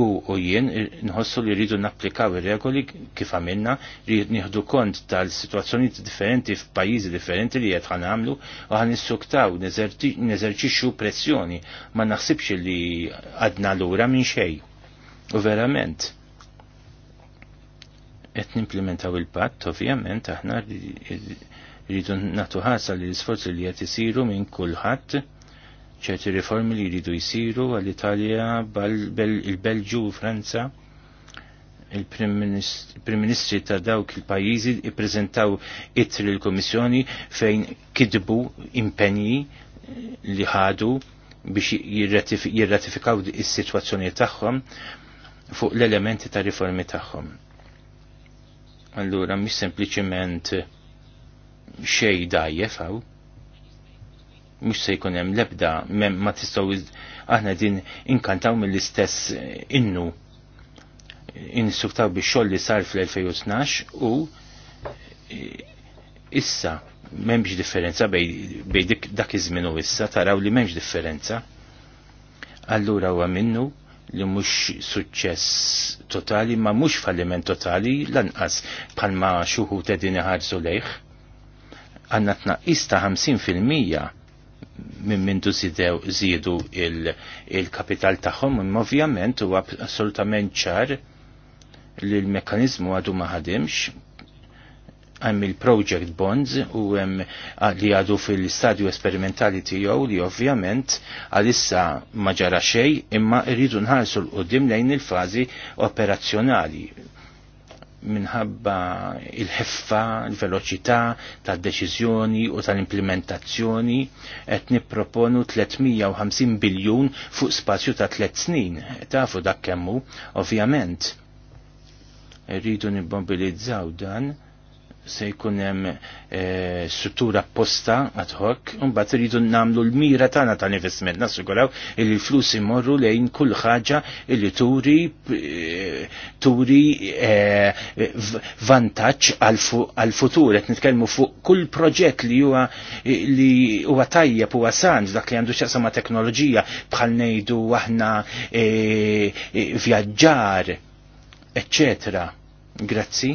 u u jien nħossu li rridu napplikaw ir-regoli kif għamilna li nieħdu kont tal situazzjoni differenti f'pajjiżi differenti li qed għamlu u għan nissuktaw neżerċixxu pressjoni ma naħsibx li għadna lura minn xej U verament qed nimplementaw il-patt ovvjament aħna Rridu natu ħasa li l-sforzi li qed isiru minn kulħadd ċerti riformi li jridu jisiru għall-Italja, il-Belġu u Franza il-Prim Ministri ta' dawk il-pajjiżi ippreżentaw ittri l-Komissjoni fejn kidbu impenji li ħadu biex jirratifikaw is-sitwazzjoni tagħhom fuq l-elementi ta' riformi tagħhom. Allura mhix sempliċiment xej dajjef għaw. Mux se jkun hemm lebda ma tistgħu aħna din inkantaw mill-istess eh, innu Insuftaw biex xoll li sar fl-2012 u eh, issa m'hemmx differenza bej dik dak iż issa taraw li m'hemmx differenza. Allura huwa minnu li mhux suċċess totali ma mhux falliment totali lanqas bħalma xuħu qegħdin iħarsu lejh għanna tnaqqis ta' 50% minn mintu zidew zidu il-kapital il tagħhom imma ovvjament huwa assolutament ċar li l-mekkanizmu għadu ma ħadimx għam il-project bonds u li għadu fil-stadju esperimentali tijow li ovvjament għalissa ma ġara xej imma rridu nħarsu l-qoddim lejn il-fazi operazzjonali minħabba il-ħeffa, il-veloċità tad deċiżjoni u tal-implementazzjoni qed nipproponu 350 biljun fuq spazju ta' tliet snin. Tafu dak kemmu, ovvjament. rridu nimmobilizzaw dan se jkun hemm eh, struttura apposta ad hoc, mbagħad iridu nagħmlu l-mira tagħna tal-investiment nassiguraw li l-flus imorru lejn kull ħaġa li turi eh, turi eh, vantaġġ għal futur qed nitkellmu fuq kull proġett li huwa li huwa tajjeb huwa san dak li għandu x'aqsam ma' teknoloġija bħal ngħidu aħna vjaġġar, eccetera. Grazzi.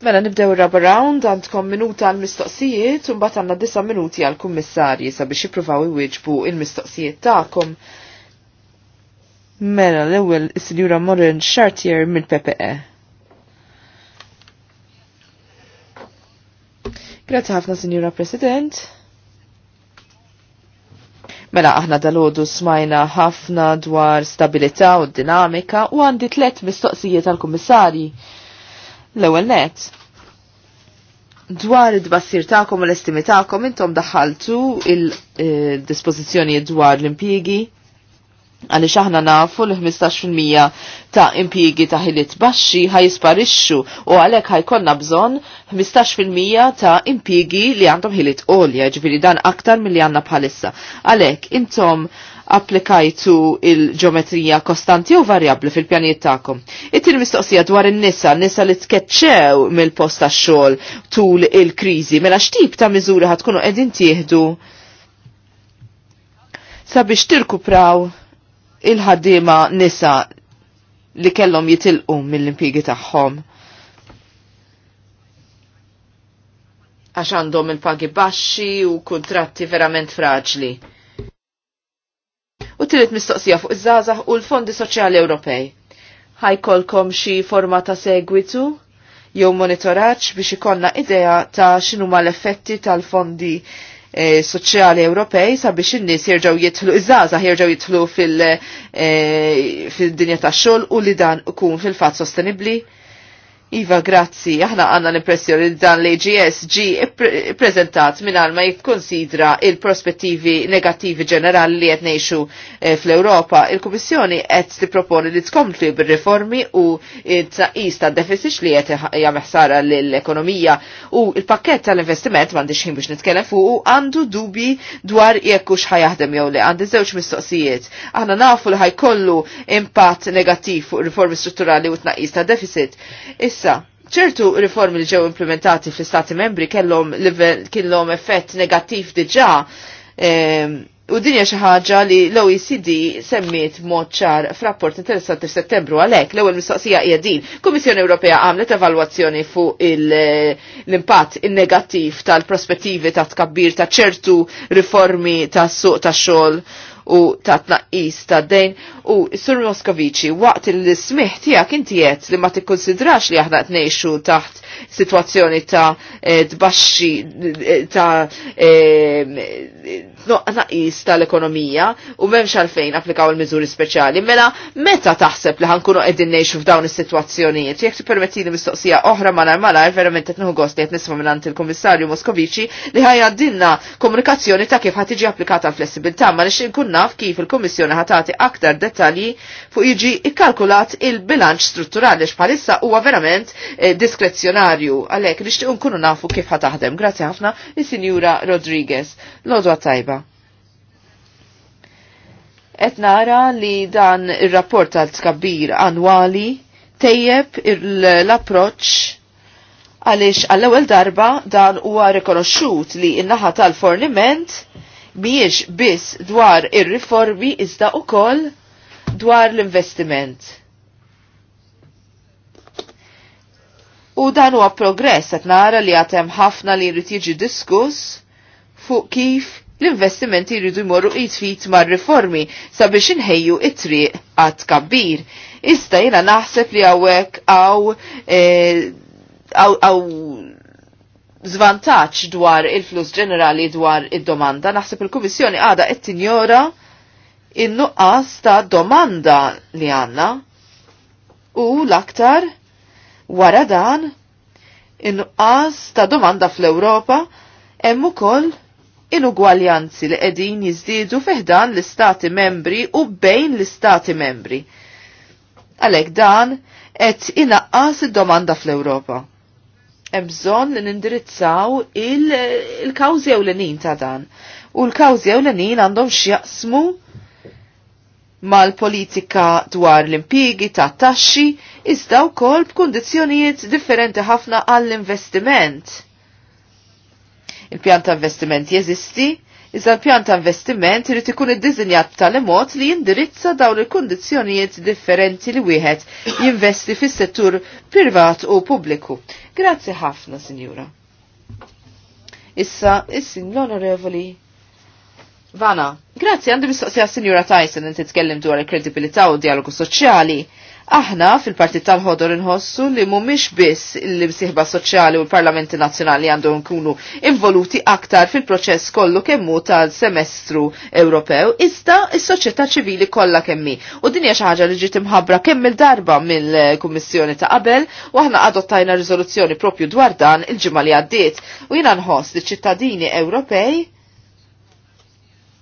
Mela nibdew rab round għandkom minuta għal mistoqsijiet u mbagħad għandna disa' minuti għal kummissarji sabiex jippruvaw iwieġbu il-mistoqsijiet tagħkom. Mela l-ewwel is-Sinjura Morin Chartier mill-PPE. Grazie ħafna, Sinjura President. Mela aħna dal-ħodu smajna ħafna dwar stabilità u dinamika u għandi tlet mistoqsijiet għal kummissarji L-ewwel net dwar id-bassir ta'kom u l-estimi ta'kom intom daħaltu il-dispozizjoni dwar l-impiegi għalli xaħna nafu l-15% ta' impiegi ta' ħiliet baxxi ħajisparixxu u għalhekk ħajkonna bżonn 15% ta' impiegi li għandhom ħiliet għolja, ġviri dan aktar milli għandna bħalissa. Għalhekk intom applikajtu il-ġometrija kostanti u varjabli fil-pjaniet ta'kom. it mistoqsija dwar in-nisa, nisa li tkeċċew mill-post xol xogħol tul il-kriżi, mela x'tip ta' miżuri ħadkunu qegħdin tieħdu sabiex praw il-ħaddiema nisa li kellhom jitilqu mill impigi tagħhom. għax għandhom il-pagi baxxi u kontratti verament fraġli. U trid mistoqsija fuq iż-żgħażagħ u l-Fondi Soċjali Ewropej. Ħajkolkom xi forma ta' segwitu jew monitoraġġ biex ikonna idea ta' x'inhuma l-effetti tal-fondi eh, soċjali Ewropej sabiex in-nies jerġgħu jidħlu iż-żgħażagħ jerġgħu jidħlu eh, fil-dinja fil tax-xogħol u li dan ikun fil-fatt sostenibbli. Iva, grazzi, aħna għanna l-impressjoni li dan l-AGS ġi prezentat minnal ma jikkonsidra il-prospettivi negativi ġenerali li qed ngħixu eh, fl-Ewropa. Il-Kummissjoni qed tipproponi li tkompli bil-reformi u tnaqqis ta' deficit li qed jagħmel l-ekonomija u il pakket tal-investiment m'għandix ħin biex nitkellem fuq għandu dubi dwar jekk hux jow jew għandi żewġ mistoqsijiet. Aħna nafu li ħajkollu impatt negativ fuq riformi strutturali u tnaqqis ta' deficit. Issa, ċertu riformi li ġew implementati fl-Stati membri kellhom kellhom effett negattiv diġà ehm, u dinja xi ħaġa li l-OECD semmiet mod ċar f'rapport interessanti f'Settembru għalhekk l-ewwel mistoqsija hija din. Kummissjoni Ewropea għamlet evalwazzjoni fuq l-impatt innegattiv negattiv tal-prospettivi ta' tkabbir ta' ċertu riformi tas-suq tax-xogħol u ta' tnaqqis ta' dejn u Sur Moskovici waqt il-smih tijak inti jett li ma tikkonsidrax li aħna tnejxu taħt situazzjoni ta' e, tbaxxi e, ta' e, tnaqqis tal-ekonomija u memx għalfejn applikaw il-mizuri speċjali. Mela, meta taħseb li ħankunu qegħdin ngħixu f'dawn is-sitwazzjonijiet? Jekk permettini mistoqsija oħra ma' malar, verament qed nieħu gost li qed nisma' minn il-Kummissarju Moskovici li ħajja komunikazzjoni ta' kif ħad tiġi applikata l-flessibilità ma nix inkun naf kif il-Kommissjoni ħatati aktar dettalji fuq jiġi ikkalkulat il-bilanċ strutturali bħalissa huwa verament eh, diskrezzjonarju għalhekk nixtieq nkunu nafu kif ħataħdem. Grazzi ħafna is-Sinjura Rodriguez. Lodwa tajba. Et nara li dan ir-rapport tal-tkabbir annwali tejjeb l-approċ għaliex għall-ewwel darba dan huwa rikonoxxut li n-naħa tal-forniment miex biss dwar ir-riformi iżda ukoll dwar l-investiment. U dan huwa progress qed nara li għatem ħafna li jrid jiġi diskuss fuq kif l-investimenti jridu jmorru jitfit mar-riformi sabiex inħejju it-triq għad kabbir. Iżda jiena naħseb li hawnhekk għaw għaw eh, zvantaġġ dwar il-flus ġenerali dwar id-domanda, naħseb il-Kummissjoni għada qed tinjora il nuqqas ta' domanda li għandna u l-aktar wara dan in-nuqqas ta' domanda fl-Ewropa hemm ukoll inugwaljanzi li qegħdin jiżdiedu fiħdan l-istati membri u bejn l-istati membri. Għalhekk dan qed inaqqas id-domanda fl-Ewropa ebżon li nindirizzaw il-kawzi il ewlenin ta' dan. U l-kawzi ewlenin għandhom x'jaqsmu mal-politika dwar l-impigi ta' taxxi iżda wkoll b'kundizzjonijiet differenti ħafna għall-investiment. Il-pjan ta' investiment jeżisti, iżda l-pjan ta' investiment irid ikun iddiżinjat tal mod li jindirizza dawn il-kundizzjonijiet differenti li wieħed jinvesti fis-settur privat u pubbliku. Grazzi ħafna, Signora. Issa, issin l-onorevoli Vana, grazzi għandu mistoqsija Sinjura Tyson inti tkellem dwar il-kredibilità u dialogu soċjali. Aħna fil-partit tal-ħodor inħossu li mumiex biss l-imsieħba soċjali u l-parlamenti nazzjonali għandhom nkunu involuti aktar fil-proċess kollu kemmu tal-semestru Ewropew, iżda is-soċjetà ċivili kollha kemmi. U din hija xi ħaġa li ġiet imħabbra kemm il-darba mill-Kummissjoni ta' qabel u aħna adottajna riżoluzzjoni propju dwar dan il-ġimgħa li għaddiet u jiena nħoss li ċittadini Ewropej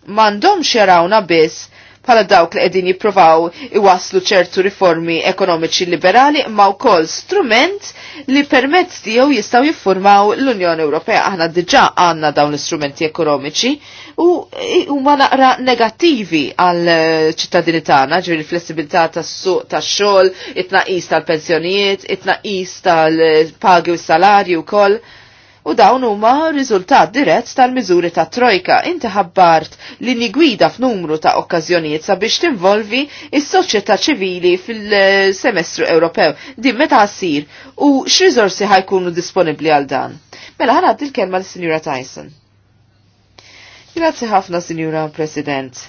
m'għandhomx jarawna biss bħala dawk li qegħdin jippruvaw iwaslu ċertu riformi ekonomiċi liberali ma wkoll strument li permezz tiegħu jistgħu jiffurmaw l-Unjoni Ewropea. Aħna diġà għandna dawn l-istrumenti ekonomiċi u huma naqra negattivi għal ċittadini tagħna, ġifieri flessibilità tas-suq tax-xogħol, it-tnaqqis tal-pensjonijiet, it-tnaqqis tal-pagi u s-salarji wkoll u dawn huma riżultat dirett tal-miżuri ta' trojka inti ħabbart li nigwida f'numru ta' okkażjonijiet sabiex tinvolvi is-soċjetà ċivili fil-semestru Ewropew. Din meta ssir u x'riżorsi ħajkunu disponibbli għal dan. Mela ħanad il-kelma lis-Sinjura Tyson. Grazzi ħafna, Sinjura President.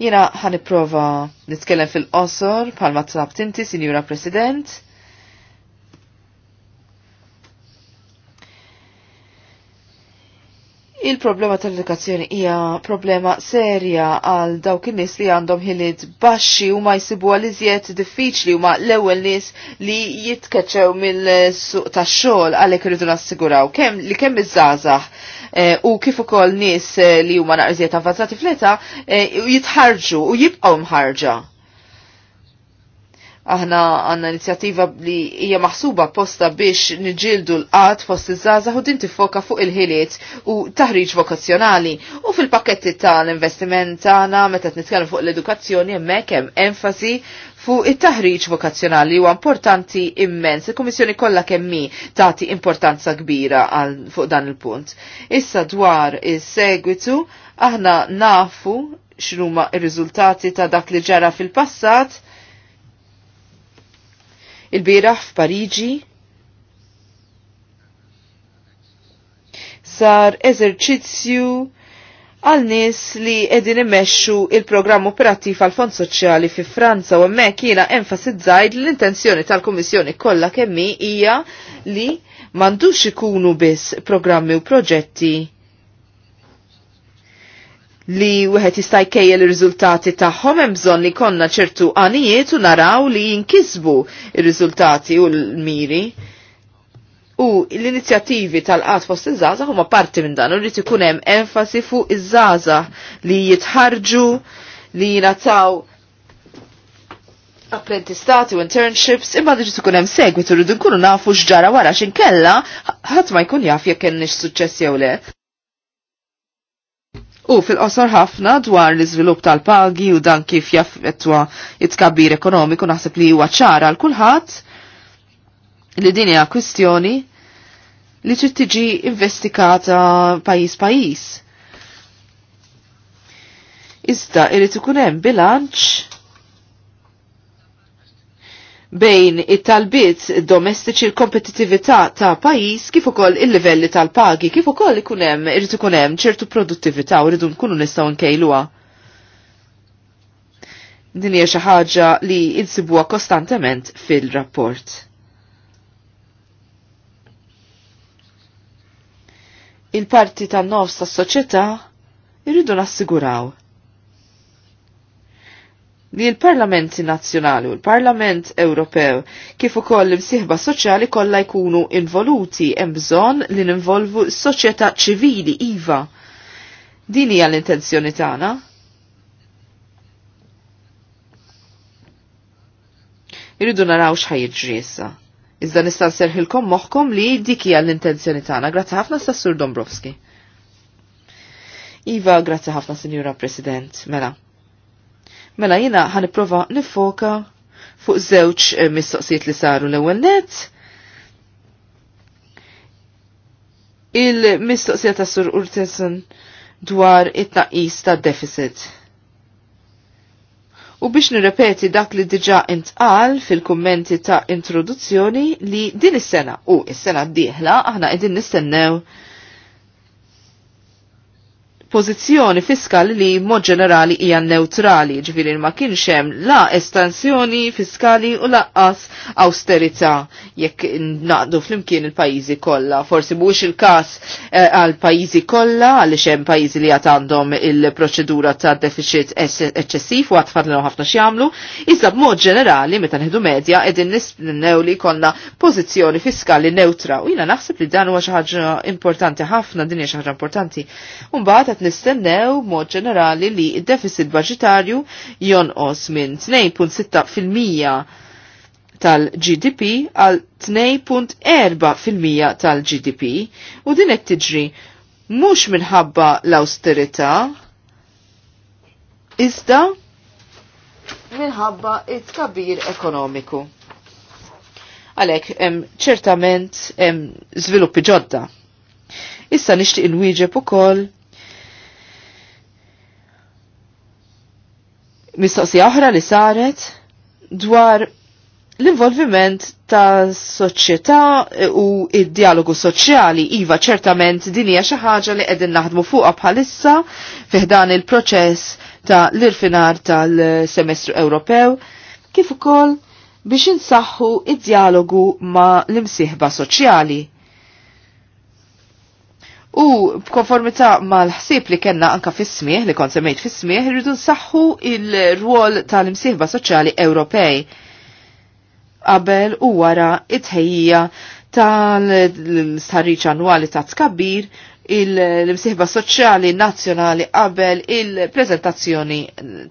Jena ħaniprofa nitkellem fil-qosor palma tlab tinti, Sinjura President. Il-problema tal-edukazzjoni hija problema serja għal dawk in-nies li għandhom ħiliet baxxi u ma jsibu għal iżjed diffiċli huma l-ewwel nies li jitkeċew mill-suq tax-xogħol għalhekk irridu nassiguraw kemm li kemm iż-żgħażagħ eh, u kif ukoll nies eh, li huma naqra iżjed avvanzati fl-età eh, jitħarġu u jibqgħu mħarġa aħna għanna inizjattiva li hija maħsuba posta biex niġildu l-qat fost iż-żgħażagħ u din tifoka fuq il-ħiliet u taħriġ vokazzjonali. U fil-pakketti tal-investiment tagħna meta qed fuq l-edukazzjoni hemmhekk hemm enfasi fuq it-taħriġ vokazzjonali huwa importanti immens. Il-Kummissjoni kollha kemm hi tagħti importanza kbira għal fuq dan il-punt. Issa dwar is-segwitu aħna nafu x'huma r-riżultati ta' dak li ġara fil-passat Il-bieraħ f'Pariġi sar eżerċizzju għal nies li edin imexxu il-programm operattiv għal fond soċjali fi Franza u hemmhekk jiena enfasizzajt l-intenzjoni tal-Kummissjoni kollha kemm hija li m'għandux ikunu biss programmi u proġetti li wieħed jista' jkejjel ir-riżultati tagħhom hemm bżonn li konna ċertu għanijiet u naraw li jinkisbu ir-riżultati u l-miri. U l-inizjattivi tal-qat fost iż-żaza huma parti minn dan u rrid ikun hemm enfasi fuq iż-żaza li jitħarġu li jingħataw apprentistati u internships imma diġi ikun hemm segwitu rridu nkunu nafu x'ġara wara x'inkella ħadd ma jkun jaf jekk hemm suċċess jew le u fil-qosor ħafna dwar l-iżvilupp tal-pagi u dan kif jaffettwa it-kabbir ekonomiku naħseb li huwa ċara għal kulħadd li din hija kwistjoni li trid tiġi investigata pajjiż pajjiż. Iżda irid ikun hemm bilanċ bejn it-talbiet domestiċi l-kompetitività ta' pajis kif ukoll il-livelli tal-pagi, kif ukoll ikun hemm irid ikun hemm ċertu produttività u rridu nkunu nistgħu nkejluha. Din hija xi ħaġa li insibuha kostantement fil-rapport. Il-parti tan-nofs tas-soċjetà irridu nassiguraw li l-parlamenti nazzjonali u l-parlament Ewropew kif ukoll l-imsieħba soċjali kollha jkunu involuti hemm bżonn li ninvolvu s-soċjetà ċivili iva. Din hija l-intenzjoni tagħna. Irridu naraw x'ħajjiġri issa. Iżda nista' serħilkom moħħkom li dik hija l-intenzjoni tagħna. Grazzi ħafna Sassur Dombrovski. Iva, grazzi ħafna, Sinjura President. Mela, Mela jina ħan iprofa nifoka fuq żewġ eh, mistoqsijiet li saru l-ewwel net. Il-mistoqsija ta' Sur Urtesen dwar it-taqis ta' deficit. U biex nirrepeti dak li diġa intqal fil-kummenti ta' introduzzjoni li din is-sena u is-sena d-dieħla aħna qegħdin nistennew pożizzjoni fiskali li mod ġenerali hija neutrali, ġifieri ma kienx hemm la estansjoni fiskali u laqqas austerità jekk naqdu flimkien il-pajjiżi kollha. Forsi mhuwiex il-każ eh, għal pajjiżi kollha għaliex hemm pajjiżi li qed għandhom il-proċedura ta' deficit eċċessiv u għatfadlhom ħafna xjamlu, iżda b'mod ġenerali meta nħidu medja qegħdin nistennew li jkollna pożizzjoni fiskali neutra u jina naħseb li dan huwa xi ħaġa importanti ħafna din hija xi ħaġa importanti nistennew mod ġenerali li d-deficit budgetarju jonqos minn 2.6% tal-GDP għal 2.4% tal-GDP u din qed tiġri mhux minħabba l-austerità iżda minħabba it-kabir ekonomiku. Għalek, ċertament, em, zviluppi ġodda. Issa nishtiq inwieġeb ukoll mistoqsija oħra li saret dwar l-involviment ta' soċjetà u id-dialogu soċjali iva ċertament din hija xi ħaġa li qegħdin naħdmu fuqha bħalissa fiħdan il-proċess ta' l-irfinar tal-semestru Ewropew kif ukoll biex insaħħu id-dialogu ma' l-imsieħba soċjali U b'konformità mal-ħsieb li kellna anka fis-smieħ li kont semmejt fis-smieħ irridu nsaħħu il-rwol tal-imsieħba soċjali Ewropej qabel u wara it ħejja tal-starriċ annwali ta' tkabbir il-msieħba soċjali nazzjonali qabel il-prezentazzjoni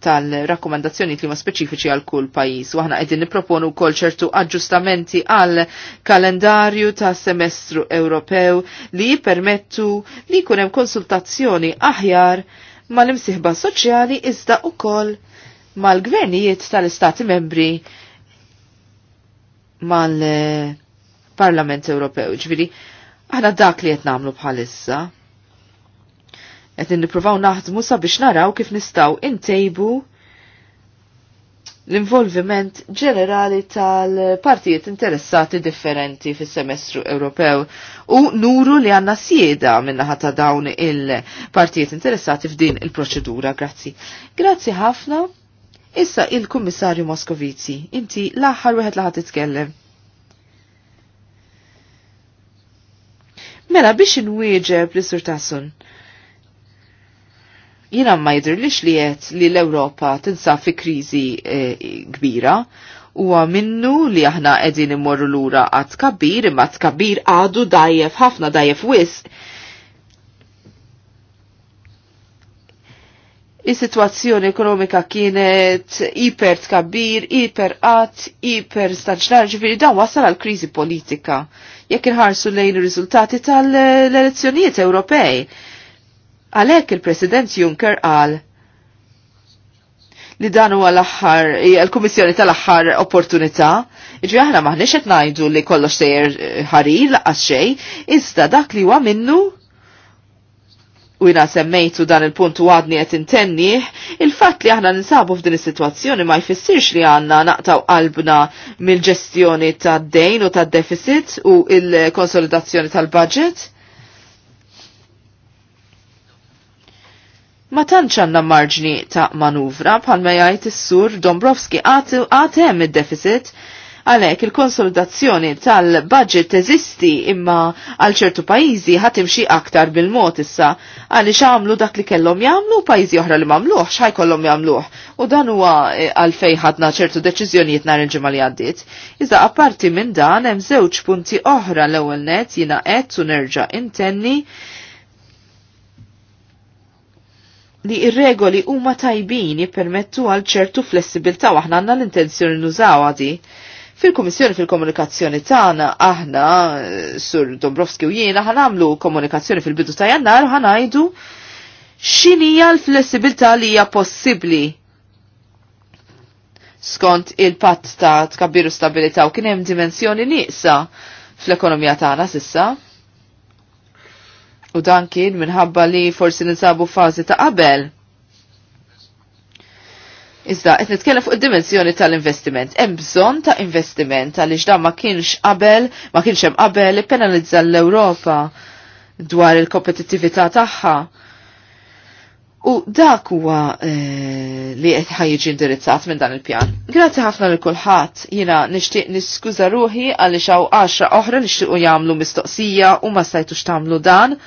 tal-rakkomandazzjoni klima speċifiċi għal kull pajis. Waħna qegħdin nipproponu wkoll ċertu aġġustamenti għal kalendarju ta' semestru Ewropew li jippermettu li jkun hemm konsultazzjoni aħjar mal imsiħba soċjali iżda wkoll mal-gvernijiet tal-istati membri mal-Parlament Ewropew. Ġviri, Aħna dak li qed nagħmlu bħalissa. Qed nippruvaw naħdmu sabiex naraw kif nistgħu intejbu l-involviment ġenerali tal-partijiet interessati differenti fis semestru Ewropew u nuru li għanna sieda minnaħa ta' dawn il-partijiet interessati f'din il-proċedura. Grazzi. Grazzi ħafna. Issa il-Kummissarju Moskovici, inti l-aħħar wieħed laħat titkellem. Mela biex inwieġeb li sur tasun. Jina ma jidrlix li jett li l-Europa tinsab fi krizi eh, kbira u minnu li aħna edin immorru lura għad kabir imma kabir għadu dajjef ħafna dajjef wis. Is-sitwazzjoni ekonomika kienet iper tkabbir, iper qatt, iper staġnar, ġifieri dan wasal għal kriżi politika jekk inħarsu lejn ir-riżultati tal-elezzjonijiet Ewropej. Għalhekk il-President Juncker qal li dan huwa l-aħħar l-Kummissjoni tal-aħħar opportunità. Iġri aħna maħniex qed ngħidu li kollox sejjer ħarir laqas xejn, iżda dak li huwa minnu u jina semmejtu dan il-punt u għadni għet intenni, il-fat li aħna ninsabu f'din is-sitwazzjoni ma jfissirx li għanna naqtaw qalbna mill-ġestjoni ta' dejn u ta' deficit u il-konsolidazzjoni tal-budget. Ma tantx għandna marġni ta' manuvra bħalma jgħid is-sur Dombrovski għatem id-deficit Għalek, il-konsolidazzjoni tal-budget eżisti imma għal ċertu pajizi ħatimxi aktar bil-mod issa għaliex għamlu dak li kellhom jagħmlu pajizi oħra li m'għamluhx ħajkollhom jagħmluh. U dan huwa eh, għalfej ħadna ċertu deċiżjonijiet nhar il-ġimgħa li għaddiet. Iżda apparti minn dan hemm żewġ punti oħra l-ewwel net jiena qed u nerġa' intenni li ir-regoli huma tajbin jippermettu għal ċertu flessibilta waħna għandna l-intenzjoni nużaw għadi. Fil-Kummissjoni fil-Komunikazzjoni tagħna aħna eh, Sur Dombrovski u jiena ħanamlu komunikazzjoni fil-bidu ta' jannar ħanajdu x'inija l-flessibilità li hija possibbli skont il-patt ta' tkabbiru stabilità u kien hemm dimensjoni nieqsa fl-ekonomija tagħna sissa. U dan kien minħabba li forsi ninsabu fażi ta' qabel Iżda, qed nitkellem fuq id-dimensjoni tal-investiment. Hemm bżonn ta' investiment għaliex dan ma kienx qabel, ma kienx hemm qabel ippenalizza l-Ewropa dwar il-kompetittività tagħha. U dak huwa eh, li qed ħajjiġi indirizzat minn dan il-pjan. Grazzi ħafna lil kulħadd, jiena nixtieq niskuża ruħi għaliex hawn għaxra oħra nixtiequ jagħmlu mistoqsija u ma stajtux tagħmlu dan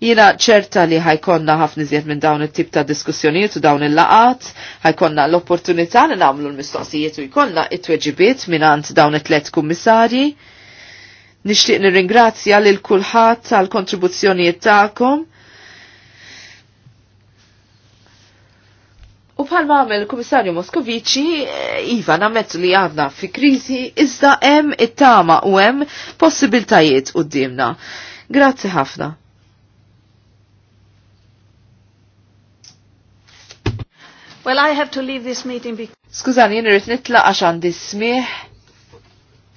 Jina ċerta li ħajkonna ħafna iżjed minn dawn it-tip ta' diskussjonijiet u dawn il-laqat, ħajkonna l-opportunità li nagħmlu l-mistoqsijiet u jkollna it-tweġibiet għand dawn it-tlet kummissarji. Nixtieq nirringrazzja lil kulħadd tal kontribuzzjonijiet tagħkom. U bħal għamel il-Kummissarju Moskovici, Iva, nammet li għadna fi krizi, iżda hemm it-tama u hemm possibiltajiet u d Grazzi ħafna. Well, I have to leave this meeting because... Skużani, jien rrit nitla għax għandi smieħ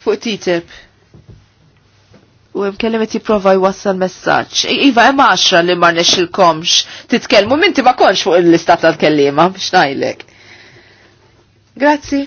fuq TTIP. U jem kellimet jipprova jwassal messaġġ. Iva hemm għaxra li ma komx titkellmu minti ma konx fuq il-lista tal-kellima biex ngħidlek. Grazzi.